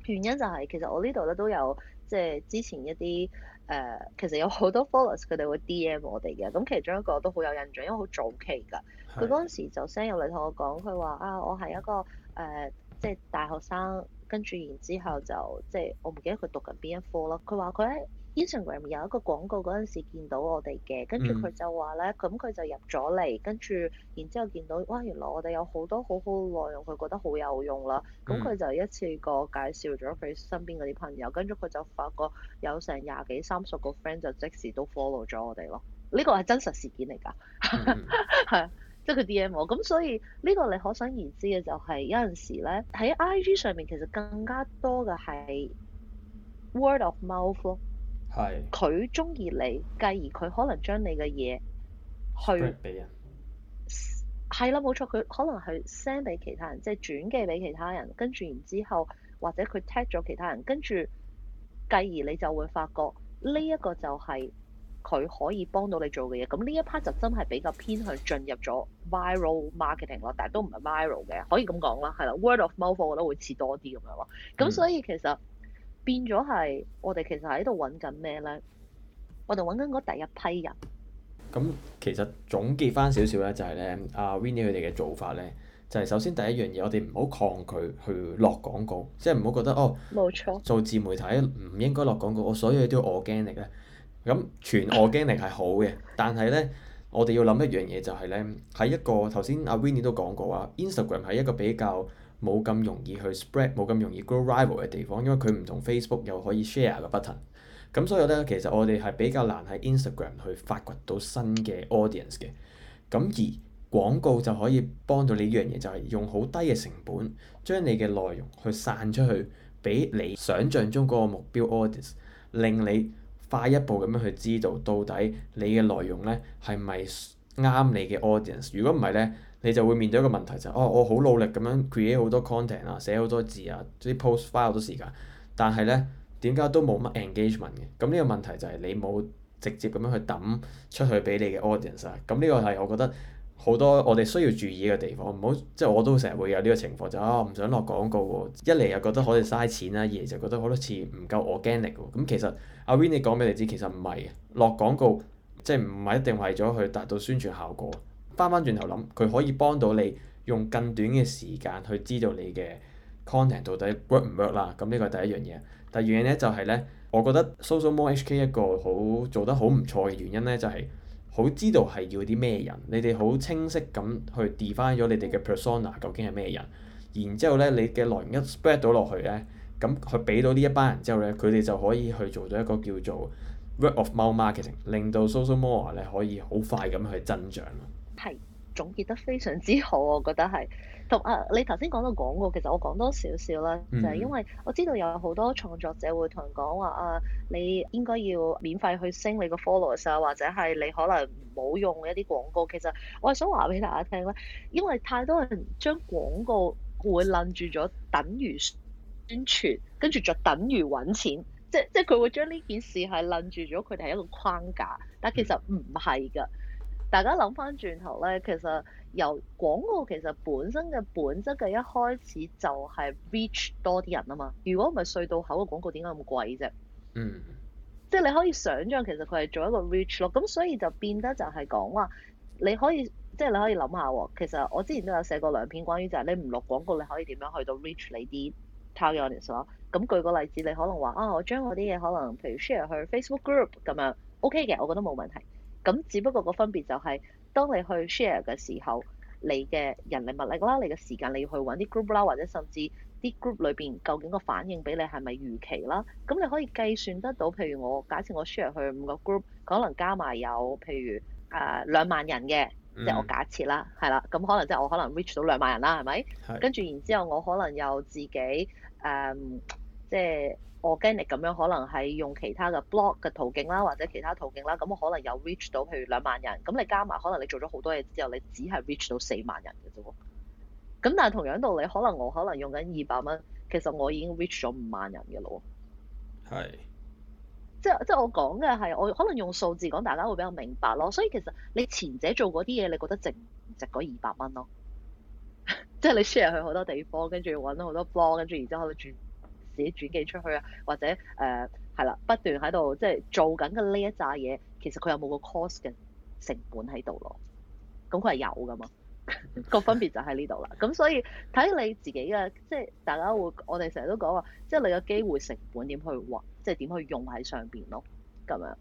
原因就係其實我呢度咧都有即係之前一啲誒、呃，其實有好多 followers 佢哋會 DM 我哋嘅。咁其中一個都好有印象，因為好早期㗎。佢嗰陣時就 send 入嚟同我講，佢話啊，我係一個誒、呃，即係大學生。跟住然之後就即係我唔記得佢讀緊邊一科咯。佢話佢喺 Instagram 有一個廣告嗰陣時見到我哋嘅，跟住佢就話咧，咁佢、嗯、就入咗嚟，跟住然之後，後見到，哇！原來我哋有很多很好多好好內容，佢覺得好有用啦。咁佢就一次過介紹咗 f r i e 身邊嗰啲朋友，跟住佢就發覺有成廿幾三十個 friend 就即時都 follow 咗我哋咯。呢、這個係真實事件嚟㗎。係、嗯。 即係佢 DM 我，咁所以呢個你可想而知嘅就係有陣時咧喺 IG 上面其實更加多嘅係 word of mouth 咯是。係。佢中意你，繼而佢可能將你嘅嘢去，俾人，係啦冇錯，佢可能去 send 俾其他人，即係轉寄俾其他人，跟住然之後或者佢 tag 咗其他人，跟住繼而你就會發覺呢一個就係、是。佢可以幫到你做嘅嘢，咁呢一 part 就真係比較偏向進入咗 viral marketing 咯，但係都唔係 viral 嘅，可以咁講啦，係啦，word of mouth 我覺得會似多啲咁樣咯。咁所以其實變咗係我哋其實喺度揾緊咩咧？我哋揾緊嗰第一批人。咁、嗯嗯、其實總結翻少少咧，就係咧，阿 Winny 佢哋嘅做法咧，就係首先第一樣嘢，我哋唔好抗拒去落廣告，即係唔好覺得哦，冇錯，做自媒體唔應該落廣告，我所有嘢都要 organic 咧。咁全 organic 係好嘅，但係呢，我哋要諗一樣嘢就係、是、呢，喺一個頭先阿 Winnie 都講過啊，Instagram 係一個比較冇咁容易去 spread 冇咁容易 grow rival 嘅地方，因為佢唔同 Facebook 又可以 share 個 button。咁所以呢，其實我哋係比較難喺 Instagram 去發掘到新嘅 audience 嘅。咁而廣告就可以幫到你呢樣嘢，就係用好低嘅成本，將你嘅內容去散出去，俾你想象中嗰個目標 audience，令你。快一步咁樣去知道到底你嘅內容呢係咪啱你嘅 audience？如果唔係呢，你就會面對一個問題就係，哦，我好努力咁樣 create 好多 content 啊，寫好多字啊，啲 post 花好多時間，但係呢，點解都冇乜 engagement 嘅？咁呢個問題就係你冇直接咁樣去抌出去俾你嘅 audience 啊。咁呢個係我覺得。好多我哋需要注意嘅地方，唔好，即係我都成日會有呢個情況，就啊，唔想落廣告喎，一嚟又覺得可以嘥錢啦，二嚟就覺得好多次唔夠 organic 喎。咁其實阿 Winnie 講俾你知，其實唔係啊，落廣告，告，即係唔係一定為咗去達到宣傳效果。翻翻轉頭諗，佢可以幫到你用更短嘅時間去知道你嘅 content 到底 work 唔 work 啦。咁呢個第一樣嘢，第二樣嘢咧就係咧，我覺得 Social Mo HK 一個好做得好唔錯嘅原因咧就係。好知道係要啲咩人，你哋好清晰咁去 define 咗你哋嘅 persona 究竟係咩人，然之後咧你嘅內容一 spread 到落去咧，咁佢俾到呢一班人之後咧，佢哋就可以去做咗一個叫做 word of mouth marketing，令到 social media 咧可以好快咁去增長。咯。係總結得非常之好，我覺得係。同啊，你頭先講到廣告，其實我講多少少啦，嗯、就係因為我知道有好多創作者會同人講話啊，你應該要免費去升你個 followers 啊，或者係你可能唔好用一啲廣告。其實我係想話俾大家聽咧，因為太多人將廣告會諗住咗等於宣傳，跟住就等於揾錢，即即係佢會將呢件事係諗住咗佢哋係一個框架，但其實唔係㗎。嗯大家諗翻轉頭咧，其實由廣告其實本身嘅本質嘅一開始就係 reach 多啲人啊嘛。如果唔係隧道口嘅廣告麼麼，點解咁貴啫？嗯，即係你可以想像，其實佢係做一個 reach 咯。咁所以就變得就係講話，你可以即係你可以諗下喎。其實我之前都有寫過兩篇關於就係你唔落廣告，你可以點樣去到 reach 你啲 target audience 咯。咁舉個例子，你可能話啊，我將我啲嘢可能譬如 share 去 Facebook group 咁樣，OK 嘅，我覺得冇問題。咁只不過個分別就係、是，當你去 share 嘅時候，你嘅人力物力啦，你嘅時間你要去揾啲 group 啦，或者甚至啲 group 裏邊究竟個反應俾你係咪預期啦？咁你可以計算得到，譬如我假設我 share 去五個 group，可能加埋有，譬如誒兩、呃、萬人嘅，嗯、即係我假設啦，係啦，咁可能即係我可能 reach 到兩萬人啦，係咪？是跟住然之後我可能又自己誒、呃，即係。organic 咁樣可能係用其他嘅 blog 嘅途徑啦，或者其他途徑啦，咁我可能有 reach 到，譬如兩萬人。咁你加埋，可能你做咗好多嘢之後，你只係 reach 到四萬人嘅啫。咁但係同樣道理，可能我可能用緊二百蚊，其實我已經 reach 咗五萬人嘅咯。係是。即係即係我講嘅係，我可能用數字講，大家會比較明白咯。所以其實你前者做嗰啲嘢，你覺得值唔值嗰二百蚊咯。 即係你 share 去好多地方，跟住揾好多 blog，跟住然之後喺自己轉寄出去啊，或者誒係啦，不斷喺度即係做緊嘅呢一揸嘢，其實佢有冇個 cost 嘅成本喺度咯？咁佢係有噶嘛？個 分別就喺呢度啦。咁所以睇你自己嘅，即係大家會，我哋成日都講話，即係你嘅機會成本點去劃，即係點去用喺上邊咯？咁樣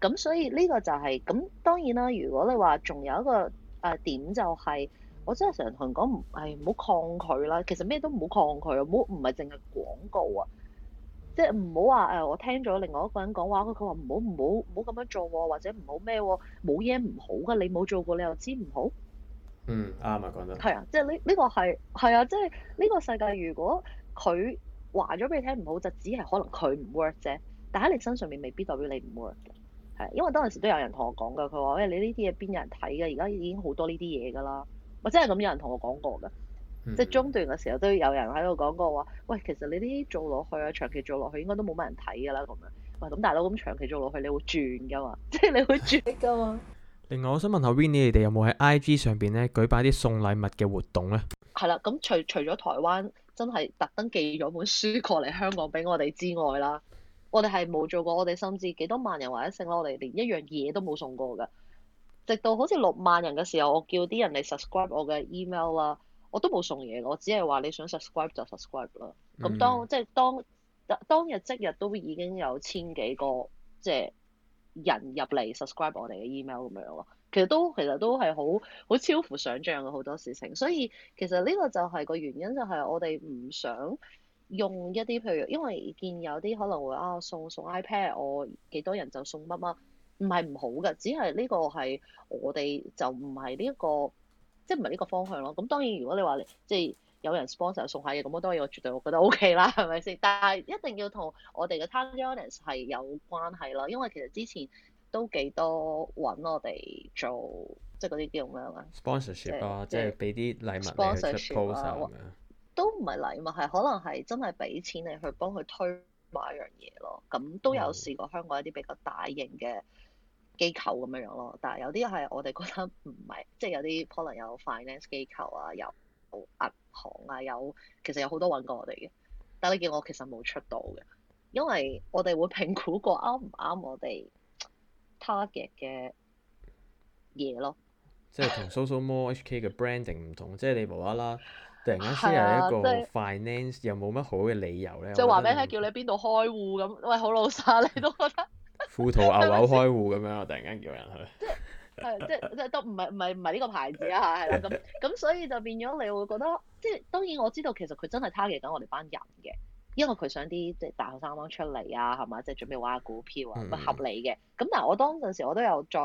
咁所以呢個就係、是、咁。當然啦，如果你話仲有一個誒、呃、點就係、是。我真係成日同人講唔係唔好抗拒啦。其實咩都唔好抗拒啊，好唔係淨係廣告啊，即係唔好話誒。我聽咗另外一個人講話，佢佢話唔好唔好唔好咁樣做，或者唔好咩冇嘢唔好噶。你冇做過，你又知唔好。嗯，啱啊，講得係啊，即係呢呢個係係啊，即係呢個世界。如果佢話咗俾你聽唔好，就只係可能佢唔 work 啫。但喺你身上面未必代表你唔 work 嘅。係、啊、因為嗰陣時都有人同我講㗎，佢話喂，你呢啲嘢邊有人睇㗎？而家已經好多呢啲嘢㗎啦。我真係咁，有人同我講過噶，嗯、即係中段嘅時候都有人喺度講過話，喂，其實你啲做落去啊，長期做落去應該都冇乜人睇噶啦，咁樣。喂，咁大佬咁長期做落去，你會轉噶嘛？即係你會轉噶嘛？ 另外，ini, 有有外，我想問下 w i n n i e 你哋有冇喺 IG 上邊咧舉辦啲送禮物嘅活動咧？係啦，咁除除咗台灣真係特登寄咗本書過嚟香港俾我哋之外啦，我哋係冇做過，我哋甚至幾多萬人或者剩咯，我哋連一樣嘢都冇送過噶。直到好似六萬人嘅時候，我叫啲人嚟 subscribe 我嘅 email 啦，我都冇送嘢，我只係話你想 subscribe 就 subscribe 啦。咁、嗯、當即係當當日即日都已經有千幾個即係人入嚟 subscribe 我哋嘅 email 咁樣咯。其實都其實都係好好超乎想像嘅好多事情，所以其實呢個就係、是、個原因，就係我哋唔想用一啲譬如因為見有啲可能會啊送送 iPad，我幾多人就送乜乜。唔係唔好嘅，只係呢個係我哋就唔係呢一個，即係唔係呢個方向咯。咁當然如果你話你即係有人 sponsor 送下嘢，咁當然我絕對我覺得 O K 啦，係咪先？但係一定要同我哋嘅 target audience 係有關係咯，因為其實之前都幾多揾我哋做即係嗰啲叫咩啊？sponsorship 啊，即係俾啲禮物。sponsorship 啊，都唔係禮物，係可能係真係俾錢你去幫佢推買樣嘢咯。咁都有試過香港一啲比較大型嘅嗯嗯嗯機構咁樣樣咯，但係有啲係我哋覺得唔係，即係有啲可能有 finance 機構啊，有銀行啊，有其實有好多搵過我哋嘅，但你見我其實冇出到嘅，因為我哋會評估過啱唔啱我哋 target 嘅嘢咯。即係同 so so m o HK 嘅 branding 唔同， 即係你無啦啦突然間先係一個 finance，又冇乜好嘅理由咧。即係話俾你聽，叫你邊度開戶咁？喂，好老實，你都覺得？ 富途牛牛開戶咁樣，我突然間叫人去，即係即係即係都唔係唔係唔係呢個牌子啊嚇，係咯咁咁，所以就變咗你會覺得，即係當然我知道其實佢真係 target 緊我哋班人嘅，因為佢想啲即係大學生啱出嚟啊，係嘛，即係準備玩下股票啊，咁合理嘅。咁但係我當陣時我都有再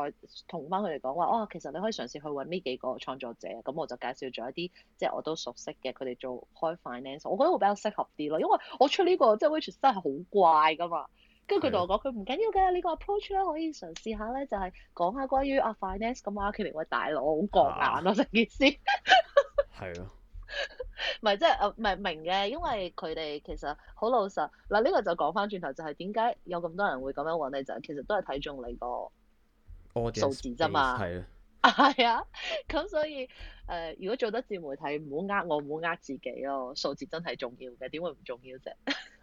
同翻佢哋講話，哦，其實你可以嘗試去揾呢幾個創作者，咁我就介紹咗一啲即係我都熟悉嘅，佢哋做開 finance，我覺得會比較適合啲咯，因為我出呢個即係 which 真係好怪噶嘛。跟住佢同我講，佢唔緊要嘅。呢、這個 approach 咧可以嘗試下咧，就係、是、講下關於啊 finance 咁 a r c h i 啊，佢哋位大佬好過眼咯、啊，成件事。係 咯的。唔係 即係啊，唔、呃、係明嘅，因為佢哋其實好老實嗱，呢、啊這個就講翻轉頭，就係點解有咁多人會咁樣揾你就係，其實都係睇中你個數字啫嘛。係啊，咁所以誒， 如果做得自媒體，唔好呃我，唔好呃自己咯，數字真係重要嘅，點會唔重要啫？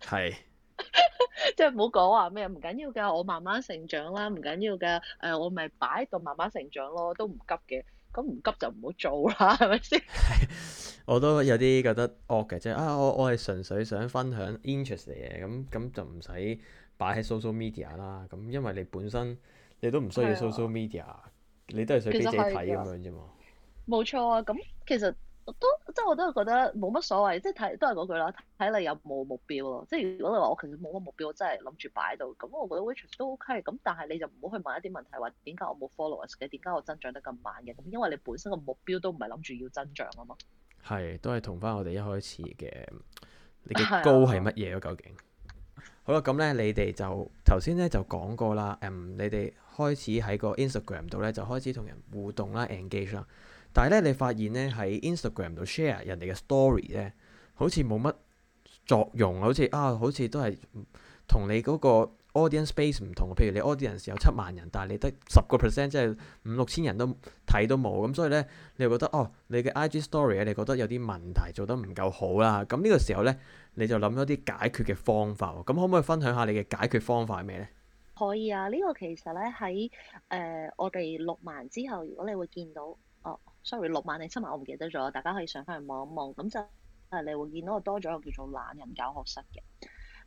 係。 即係唔好講話咩，唔緊要㗎，我慢慢成長啦，唔緊要㗎，誒、呃、我咪擺喺度慢慢成長咯，都唔急嘅。咁唔急就唔好做啦，係咪先？ 我都有啲覺得惡嘅，即係啊，我我係純粹想分享 interest 嘅嘢，咁咁就唔使擺喺 social media 啦。咁因為你本身你都唔需要 social media，啊、你都係想畀自己睇咁樣啫嘛。冇錯啊，咁其實。都我都即係我都係覺得冇乜所謂，即係睇都係嗰句啦，睇你有冇目標咯。即係如果你話我其實冇乜目標，我真係諗住擺喺度。咁我覺得 which、er、都 OK。咁但係你就唔好去問一啲問題，話點解我冇 followers 嘅，點解我增長得咁慢嘅？咁因為你本身個目標都唔係諗住要增長啊嘛。係，都係同翻我哋一開始嘅你嘅 goal 係乜嘢咯？究竟？的好啦，咁咧你哋就頭先咧就講過啦，嗯，你哋開始喺個 Instagram 度咧就開始同人互動啦，engage 啦。但係咧，你發現咧喺 Instagram 度 share 人哋嘅 story 咧，好似冇乜作用啊！好似啊，好似都係同你嗰個 audience space 唔同。譬如你 audience 有七萬人，但係你得十個 percent，即係五六千人都睇都冇。咁所以咧，你又覺得哦，你嘅 IG story 啊，你覺得有啲問題做得唔夠好啦。咁呢個時候咧，你就諗咗啲解決嘅方法喎。咁可唔可以分享下你嘅解決方法係咩咧？可以啊，呢個其實咧喺誒我哋六萬之後，如果你會見到。Sorry, 六晚定七晚我唔記得咗，大家可以上翻去望一望，咁就誒你會見到我多咗一個叫做懶人教學室嘅。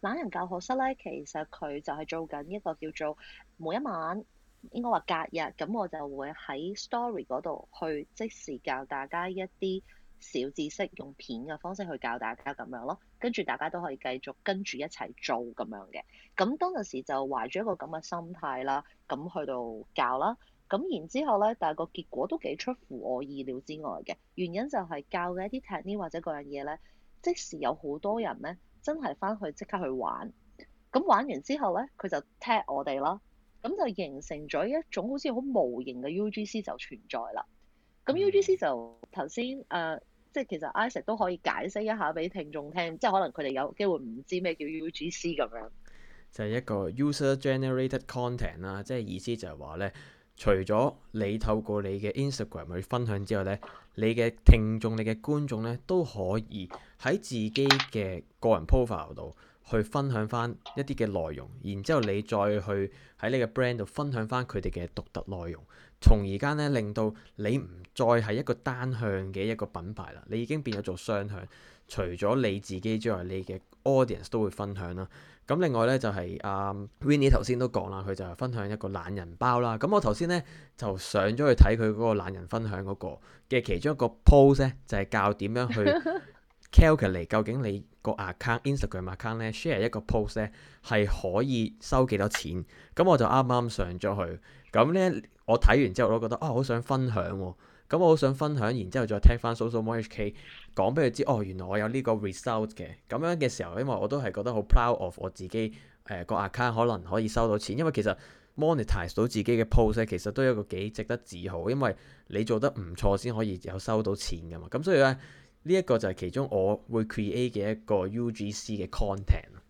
懶人教學室咧，其實佢就係做緊一個叫做每一晚應該話隔日，咁我就會喺 Story 嗰度去即時教大家一啲小知識，用片嘅方式去教大家咁樣咯。跟住大家都可以繼續跟住一齊做咁樣嘅。咁當陣時就懷住一個咁嘅心態啦，咁去到教啦。咁然之後咧，但係個結果都幾出乎我意料之外嘅。原因就係教嘅一啲 technique 或者嗰樣嘢咧，即時有好多人咧，真係翻去即刻去玩。咁玩完之後咧，佢就踢我哋啦。咁就形成咗一種好似好模型嘅 UGC 就存在啦。咁 UGC 就頭先誒，即係其實 Isaac 都可以解釋一下俾聽眾聽，即係可能佢哋有機會唔知咩叫 UGC 咁樣，就係一個 user-generated content 啦，即係意思就係話咧。除咗你透過你嘅 Instagram 去分享之外咧，你嘅聽眾、你嘅觀眾咧都可以喺自己嘅個人 profile 度去分享返一啲嘅內容，然之後你再去喺你嘅 brand 度分享返佢哋嘅獨特內容。從而家咧，令到你唔再係一個單向嘅一個品牌啦，你已經變咗做雙向。除咗你自己之外，你嘅 audience 都會分享啦。咁另外咧就係、是、阿 Winnie 頭先都講啦，佢就分享一個懶人包啦。咁我頭先咧就上咗去睇佢嗰個懶人分享嗰個嘅其中一個 post 咧，就係、是、教點樣去 calculate 究竟你個 account Instagram account 咧 share 一個 post 咧係可以收幾多錢。咁我就啱啱上咗去，咁咧。我睇完之後我都覺得啊，好、哦、想分享喎、哦！咁、嗯、我好想分享，然之後再聽翻 Social Mon HK 講俾佢知，哦，原來我有呢個 result 嘅咁樣嘅時候，因為我都係覺得好 proud of 我自己誒、呃、個 account 可能可以收到錢，因為其實 monetize 到自己嘅 post 其實都一個幾值得自豪，因為你做得唔錯先可以有收到錢噶嘛。咁、嗯、所以咧，呢、這、一個就係其中我會 create 嘅一個 UGC 嘅 content。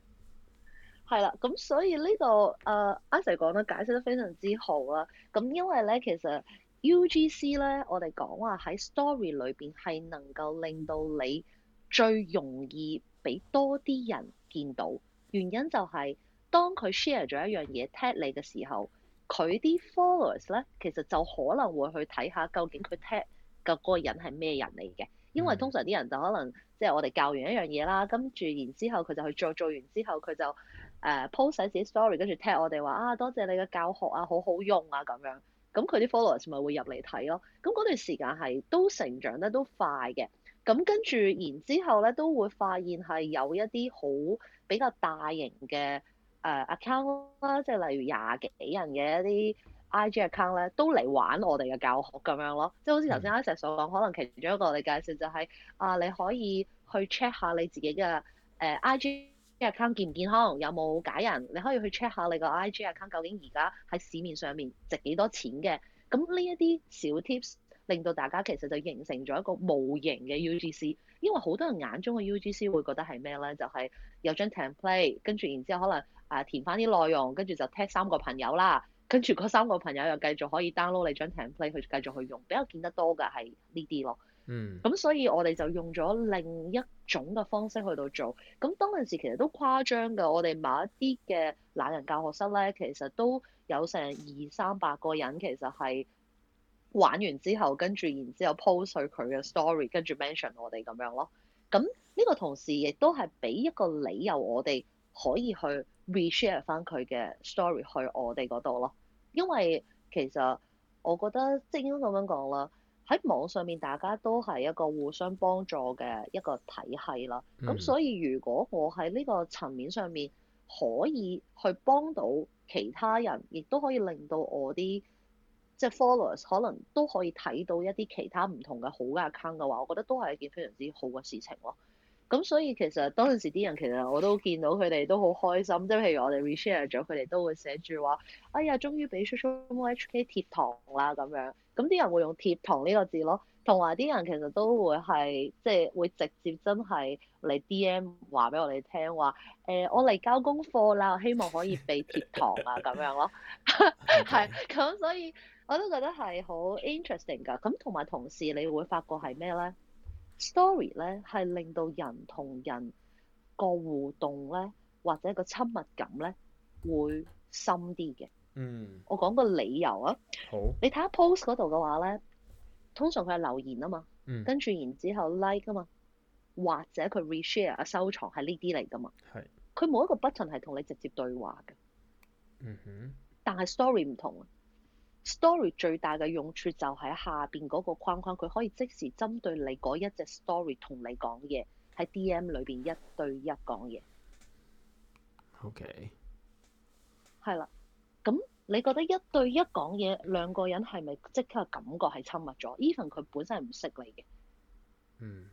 係啦，咁所以呢、這個誒，阿 Sir 講得解釋得非常之好啦。咁因為咧，其實 UGC 咧，我哋講話喺 story 裏邊係能夠令到你最容易俾多啲人見到。原因就係當佢 share 咗一樣嘢 tag 你嘅時候，佢啲 followers 咧，其實就可能會去睇下究竟佢 tag 嘅嗰個人係咩人嚟嘅。因為通常啲人就可能、嗯、即係我哋教完一樣嘢啦，跟住然之後佢就去做，做完之後佢就。誒、uh, post 曬自己 story，跟住 t 我哋話啊，多謝你嘅教學啊，好好用啊咁樣，咁佢啲 followers 咪會入嚟睇咯。咁嗰段時間係都成長得都快嘅。咁跟住然之後咧，都會發現係有一啲好比較大型嘅誒 account 啦，即係例如廿幾人嘅一啲 IG account 咧、like mm，都嚟玩我哋嘅教學咁樣咯。即係好似頭先 I 成所講，可能其中一個我哋介紹就係啊，你可以去 check 下你自己嘅誒 IG。account 健唔健康，有冇假人，你可以去 check 下你個 IG account 究竟而家喺市面上面值幾多錢嘅。咁呢一啲小 tips 令到大家其實就形成咗一個模型嘅 UGC。因為好多人眼中嘅 UGC 會覺得係咩咧？就係、是、有張 template，跟住然之後可能啊填翻啲內容，跟住就 tag 三個朋友啦，跟住嗰三個朋友又繼續可以 download 你張 template 去繼續去用，比較見得多嘅係呢啲咯。嗯，咁所以我哋就用咗另一種嘅方式去到做，咁當陣時其實都誇張嘅。我哋某一啲嘅懶人教學室咧，其實都有成二三百個人，其實係玩完之後，跟住然之後 po 咗佢嘅 story，跟住 mention 我哋咁樣咯。咁呢個同時亦都係俾一個理由，我哋可以去 re-share 翻佢嘅 story 去我哋嗰度咯。因為其實我覺得，即係應該咁樣講啦。喺網上面大家都係一個互相幫助嘅一個體系啦，咁、嗯、所以如果我喺呢個層面上面可以去幫到其他人，亦都可以令到我啲即係、就是、followers 可能都可以睇到一啲其他唔同嘅好嘅 account 嘅話，我覺得都係一件非常之好嘅事情咯。咁所以其實當陣時啲人其實我都見到佢哋都好開心，即係譬如我哋 re-share 咗，佢哋都會寫住話：哎呀，終於俾出出 HK 貼堂啦咁樣。咁啲人會用貼堂呢個字咯，同埋啲人其實都會係即係會直接真係嚟 DM 話俾我哋聽話：誒、呃，我嚟交功課啦，希望可以俾貼堂啊咁樣咯。係咁， 所以我都覺得係好 interesting 㗎。咁同埋同事，你會發覺係咩咧？story 咧係令到人同人個互動咧或者個親密感咧會深啲嘅。嗯，我講個理由啊。好，你睇下 post 嗰度嘅話咧，通常佢係留言啊嘛，嗯、跟住然之後 like 啊嘛，或者佢 re-share 啊收藏係呢啲嚟噶嘛。係。佢冇一個 button 係同你直接對話嘅。嗯哼。但係 story 唔同。Story 最大嘅用處就喺下邊嗰個框框，佢可以即時針對你嗰一隻 story 同你講嘢，喺 DM 裏邊一對一講嘢。OK，係啦，咁你覺得一對一講嘢，兩個人係咪即刻感覺係親密咗？Even 佢本身係唔識你嘅，嗯。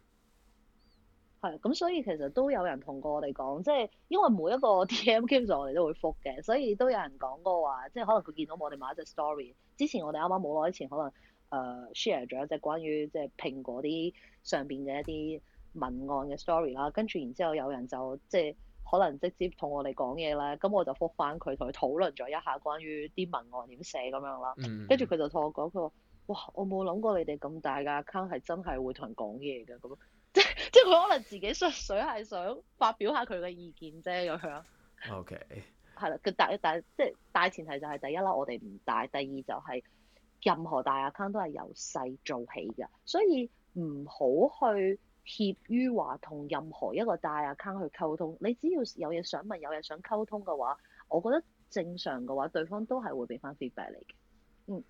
係，咁所以其實都有人同過我哋講，即係因為每一個 DMK 上我哋都會覆嘅，所以都有人講過話，即係可能佢見到我哋買一隻 story。之前我哋啱啱冇耐以前，可能誒 share 咗一隻關於即係蘋果啲上邊嘅一啲文案嘅 story 啦，跟住然之後有人就即係可能直接同我哋講嘢啦，咁我就覆返佢，同佢討論咗一下關於啲文案點寫咁樣啦。跟住佢就同我講，佢話：哇，我冇諗過你哋咁大嘅 account 係真係會同人講嘢嘅。咁。 即即佢可能自己純粹係想發表下佢嘅意見啫咁樣。O K 係啦，佢大大即大前提就係第一啦，我哋唔大，第二就係任何大 account 都係由細做起嘅，所以唔好去怯於話同任何一個大 account 去溝通。你只要有嘢想問，有嘢想溝通嘅話，我覺得正常嘅話，對方都係會俾翻 feedback 你嘅。嗯，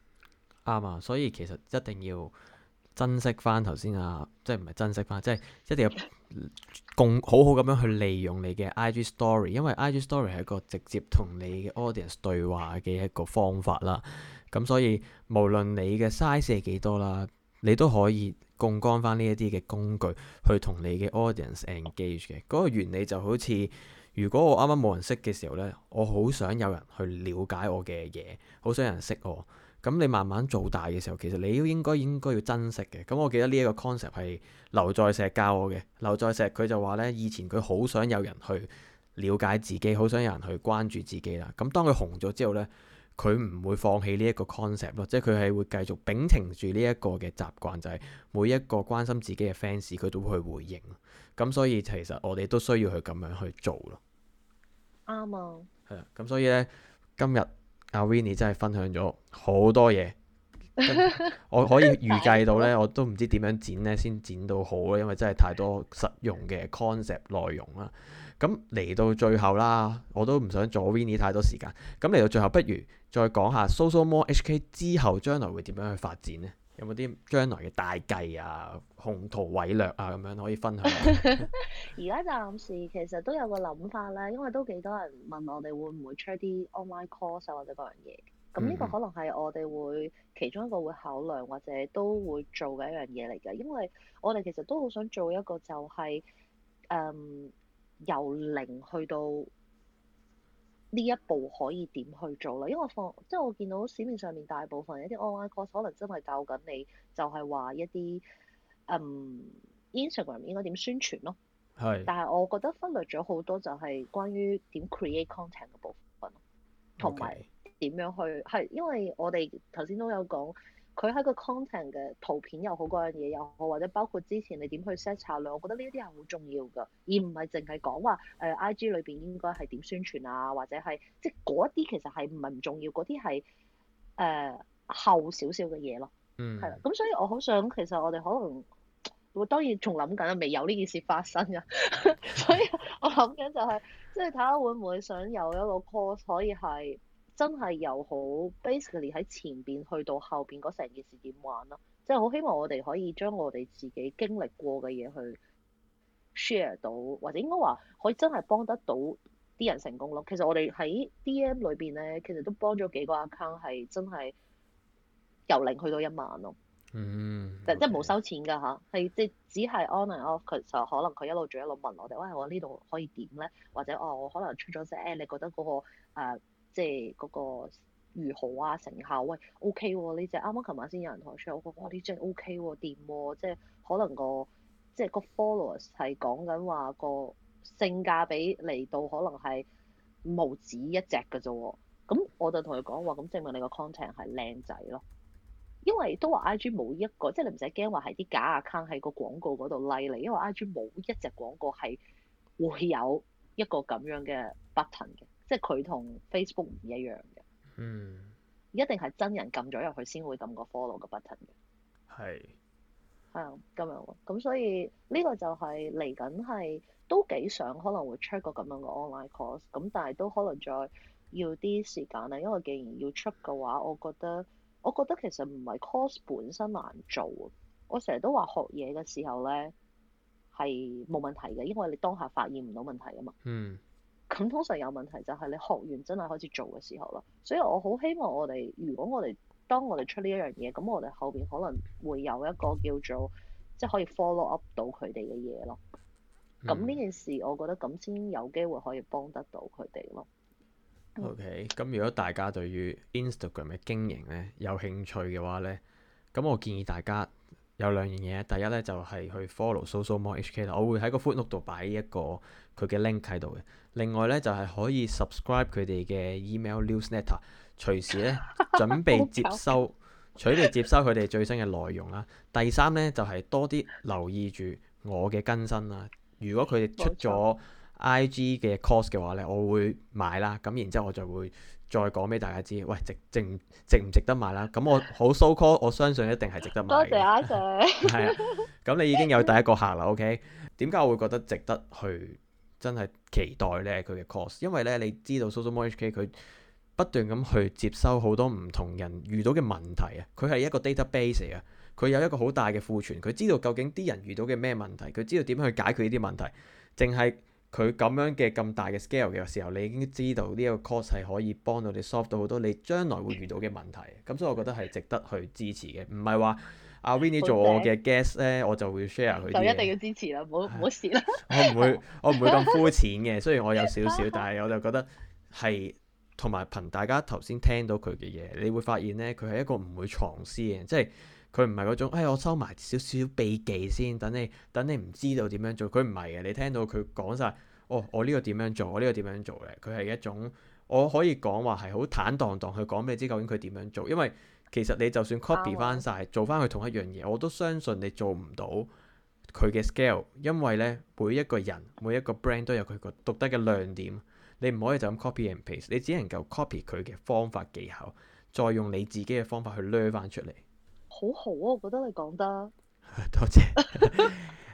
啱啊，所以其實一定要。珍惜翻頭先啊，即係唔係珍惜翻，即係一定要共好好咁樣去利用你嘅 IG Story，因為 IG Story 係一個直接同你嘅 audience 對話嘅一個方法啦。咁所以無論你嘅 size 係幾多啦，你都可以槓桿翻呢一啲嘅工具去同你嘅 audience engage 嘅。嗰個原理就好似如果我啱啱冇人識嘅時候呢，我好想有人去了解我嘅嘢，好想有人識我。咁你慢慢做大嘅時候，其實你要應該應該要珍惜嘅。咁我記得呢一個 concept 係劉在石教我嘅。劉在石佢就話呢：「以前佢好想有人去了解自己，好想有人去關注自己啦。咁當佢紅咗之後呢，佢唔會放棄呢一個 concept 咯，即係佢係會繼續秉承住呢一個嘅習慣，就係每一個關心自己嘅 fans，佢都會去回應。咁所以其實我哋都需要去咁樣去做咯。啱啊。係啊，咁所以呢，今日。阿、啊、Vinny 真係分享咗好多嘢、 嗯，我可以預計到咧，我都唔知點樣剪咧先剪到好咧，因為真係太多實用嘅 concept 內容啦。咁、嗯、嚟到最後啦，我都唔想阻 Vinny 太多時間。咁、嗯、嚟到最後，不如再講下 Soso so More HK 之後將來會點樣去發展呢？有冇啲將來嘅大計啊、宏圖偉略啊咁樣可以分享啊？而家暫時其實都有個諗法啦，因為都幾多人問我哋會唔會出啲 online course 啊或者嗰樣嘢，咁呢個可能係我哋會其中一個會考量或者都會做嘅一樣嘢嚟嘅，因為我哋其實都好想做一個就係、是、誒、嗯、由零去到。呢一步可以點去做啦？因為放即係我見到市面上面大部分一啲 online course，可能真係教緊你，就係、是、話一啲嗯 Instagram 應該點宣傳咯。係是。但係我覺得忽略咗好多，就係關於點 create content 嘅部分，同埋點樣去係 Okay.，因為我哋頭先都有講。佢喺個 content 嘅圖片又好嗰樣嘢又好，或者包括之前你點去 set 策略，我覺得呢一啲係好重要㗎，而唔係淨係講話誒 IG 裏邊應該係點宣傳啊，或者係即係嗰一啲其實係唔係唔重要，嗰啲係誒後少少嘅嘢囉。嗯。係啦，咁所以我好想其實我哋可能，我當然仲諗緊啊，未有呢件事發生㗎， 所以我諗緊就係即係睇下會唔會想有一個 course 可以係。真係又好 basically 喺前邊去到後邊嗰成件事點玩咯，啊，即係好希望我哋可以將我哋自己經歷過嘅嘢去 share 到，或者應該話可以真係幫得到啲人成功咯。其實我哋喺 DM 裏邊咧，其實都幫咗幾個 account 係真係由零去到一萬咯。嗯，就 Okay. 即係冇收錢㗎吓，係即係只係 on and off。佢就可能佢一路做一路問我哋，喂、哎，我呢度可以點咧？或者哦，我可能出咗聲、哎，你覺得嗰、嗰個、啊即係嗰個如何啊，成效喂，OK 喎，呢隻啱啱琴晚先有人同我出嚟，我覺，哇呢隻 OK 喎掂喎，即係可能個即係個 followers 係講緊話個性價比嚟到可能係無止一隻㗎啫喎，咁我就同佢講話，咁證明你個 content 係靚仔咯，因為都話 IG 冇一個，即係你唔使驚話係啲假 account 喺個廣告嗰度 like 你，因為 IG 冇一隻廣告係會有一個咁樣嘅 button 嘅。即係佢同 Facebook 唔一樣嘅，嗯，一定係真人撳咗入去先會撳個 follow 嘅 button，嘅。係，係啊，咁樣，咁所以呢個就係嚟緊係都幾想可能會出個咁樣嘅 online course，咁但係都可能再要啲時間啦，因為既然要出嘅話，我覺得我覺得其實唔係 course 本身難做，我成日都話學嘢嘅時候咧係冇問題嘅，因為你當下發現唔到問題啊嘛，嗯。咁通常有問題就係你學完真係開始做嘅時候咯，所以我好希望我哋如果我哋當我哋出呢一樣嘢，咁我哋後邊可能會有一個叫做即係可以 follow up 到佢哋嘅嘢咯。咁呢件事我覺得咁先有機會可以幫得到佢哋咯。OK，咁如果大家對於 Instagram 嘅經營咧有興趣嘅話咧，咁我建議大家，有兩樣嘢，第一咧就係、是、去 follow So So More HK，我會喺個 footnote 度擺一個佢嘅 link 喺度嘅。另外咧就係、是、可以 subscribe 佢哋嘅 email newsletter，隨 時咧準備接收， 取嚟接收佢哋最新嘅內容啦。第三咧就係、是、多啲留意住我嘅更新啦。如果佢哋出咗 IG 嘅 course 嘅話咧，我會買啦。咁然之後我就會。再講俾大家知，喂，值值值唔值得買啦？咁我好 so call， 我相信一定係值得買。多謝阿謝 Sir。係啊 咁你已經有第一個客啦，OK？點解我會覺得值得去真係期待呢佢嘅 course？因為呢你知道 Soso More HK 佢不斷咁去接收好多唔同人遇到嘅問題啊，佢係一個 database 啊，佢有一個好大嘅庫存，佢知道究竟啲人遇到嘅咩問題，佢知道點去解決呢啲問題，淨係。佢咁樣嘅咁大嘅 scale 嘅時候，你已經知道呢個 course 係可以幫到你 solve 到好多你將來會遇到嘅問題，咁 所以我覺得係值得去支持嘅，唔係話阿 Vinny 做我嘅 guest 呢， 我就會 share 佢就一定要支持啦，唔好蝕啦。我唔會我唔會咁膚淺嘅， 雖然我有少少，但係我就覺得係同埋憑大家頭先聽到佢嘅嘢，你會發現呢，佢係一個唔會藏私嘅，即係。佢唔係嗰種、哎，我收埋少少秘技先，等你等你唔知道點樣做。佢唔係嘅，你聽到佢講晒：「哦，我呢個點樣做，我呢個點樣做嘅。佢係一種我可以講話係好坦蕩蕩去講俾你知，究竟佢點樣做。因為其實你就算 copy 翻晒，做翻佢同一樣嘢，我都相信你做唔到佢嘅 scale，因為呢，每一個人每一個 brand 都有佢個獨特嘅亮點，你唔可以就咁 copy and paste，你只能夠 copy 佢嘅方法技巧，再用你自己嘅方法去攞翻出嚟。好好啊，我覺得你講得多謝。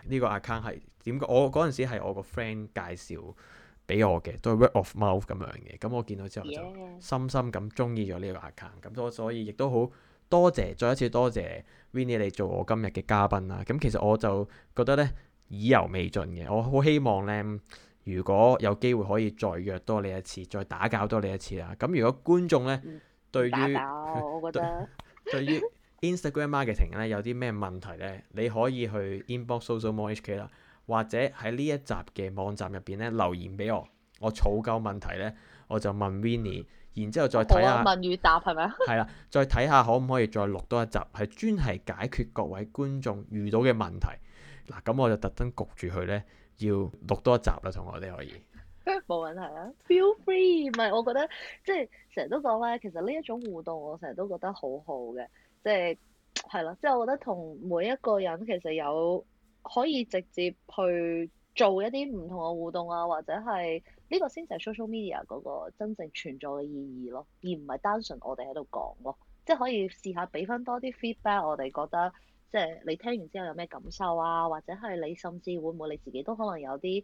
呢 個 account 係點講？我嗰陣時係我個 friend 介紹俾我嘅，都係 word of mouth 咁樣嘅。咁我見到之後就深深咁鍾意咗呢個 account。咁所所以亦都好多謝，再一次多謝 Vinnie 你做我今日嘅嘉賓啦。咁其實我就覺得呢，意猶未盡嘅。我好希望呢，如果有機會可以再約多你一次，再打攪多你一次啦。咁如果觀眾呢、嗯、對於我覺得 對於。 對於 Instagram marketing 咧有啲咩問題咧？你可以去 inbox Social More HK 啦，或者喺呢一集嘅網站入邊咧留言俾我，我儲夠問題咧，我就問 Winnie 然之後再睇下。可、啊、問與答係咪啊？係啦， 再睇下可唔可以再錄多一集，係專係解決各位觀眾遇到嘅問題。嗱，咁我就特登焗住佢咧，要錄多一集啦，同我哋可以。冇問題啊，Feel free，唔係我覺得即係成日都講咧，其實呢一種互動我成日都覺得好好嘅。即係係啦，即係、就是就是、我覺得同每一個人其實有可以直接去做一啲唔同嘅互動啊，或者係呢、呢個先就係 social media 嗰個真正存在嘅意義咯，而唔係單純我哋喺度講咯。即係可以試下俾翻多啲 feedback，我哋覺得即係、就是、你聽完之後有咩感受啊，或者係你甚至會唔會你自己都可能有啲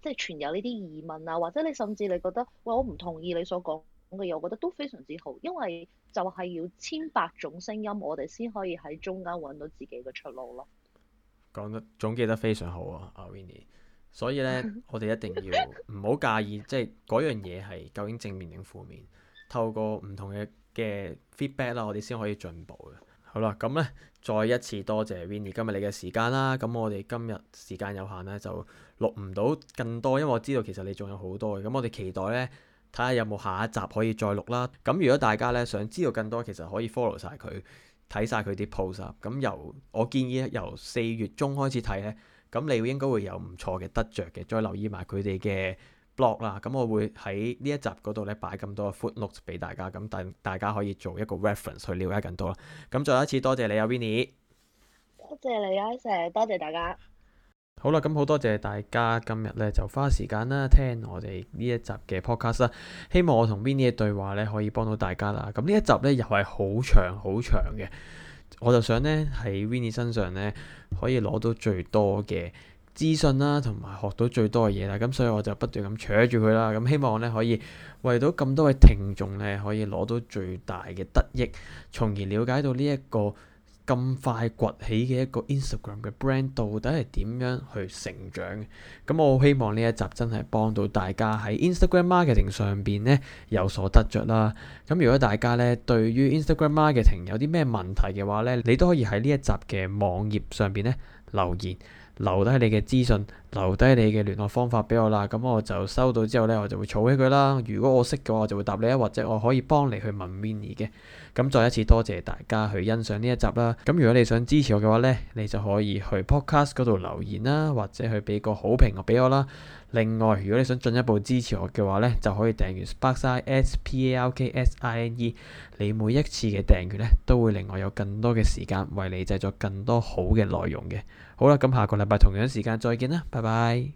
即係存有呢啲疑問啊，或者你甚至你覺得喂我唔同意你所講。嘅嘢，我覺得都非常之好，因為就係要千百種聲音，我哋先可以喺中間揾到自己嘅出路咯。講得總結得非常好啊，阿 Winnie。所以呢，我哋一定要唔好介意， 即係嗰樣嘢係究竟正面定負面。透過唔同嘅嘅 feedback 啦，我哋先可以進步嘅。好啦，咁呢，再一次多謝 Winnie 今日你嘅時間啦。咁我哋今日時間有限呢，就錄唔到更多，因為我知道其實你仲有好多嘅。咁我哋期待呢。睇下有冇下一集可以再錄啦。咁如果大家咧想知道更多，其實可以 follow 晒佢，睇晒佢啲 post。咁由我建議由四月中開始睇咧，咁你應該會有唔錯嘅得着嘅。再留意埋佢哋嘅 blog 啦。咁我會喺呢一集嗰度咧擺咁多 footnotes 俾大家，咁但大家可以做一個 reference 去了解更多啦。咁再一次多謝你啊，Vinny。多謝你啊，Sir。多謝啊，Sir，多謝大家。好啦，咁好多謝大家今日咧就花時間啦，聽我哋呢一集嘅 podcast 啦，希望我同 Vinnie 嘅對話咧可以幫到大家啦。咁呢一集咧又係好長好長嘅，我就想咧喺 Vinnie 身上咧可以攞到最多嘅資訊啦，同埋學到最多嘅嘢啦。咁所以我就不斷咁扯住佢啦，咁希望咧可以為到咁多位聽眾咧可以攞到最大嘅得益，從而了解到呢一個。咁快崛起嘅一個 Instagram 嘅 brand，到底係點樣去成長嘅？咁我好希望呢一集真係幫到大家喺 Instagram marketing 上邊呢有所得着啦。咁如果大家呢對於 Instagram marketing 有啲咩問題嘅話呢，你都可以喺呢一集嘅網頁上邊呢留言，留低你嘅資訊，留低你嘅聯絡方法俾我啦。咁我就收到之後呢，我就會儲起佢啦。如果我識嘅話，我就會答你啊，或者我可以幫你去問 Vinnie 嘅。咁再一次多謝大家去欣賞呢一集啦！咁如果你想支持我嘅話呢，你就可以去 Podcast 嗰度留言啦，或者去俾個好評我俾我啦。另外，如果你想進一步支持我嘅話呢，就可以訂閱 Sparksine，S P A R K S I N E。你每一次嘅訂閱呢，都會另外有更多嘅時間為你製作更多好嘅內容嘅。好啦，咁下個禮拜同樣時間再見啦，拜拜。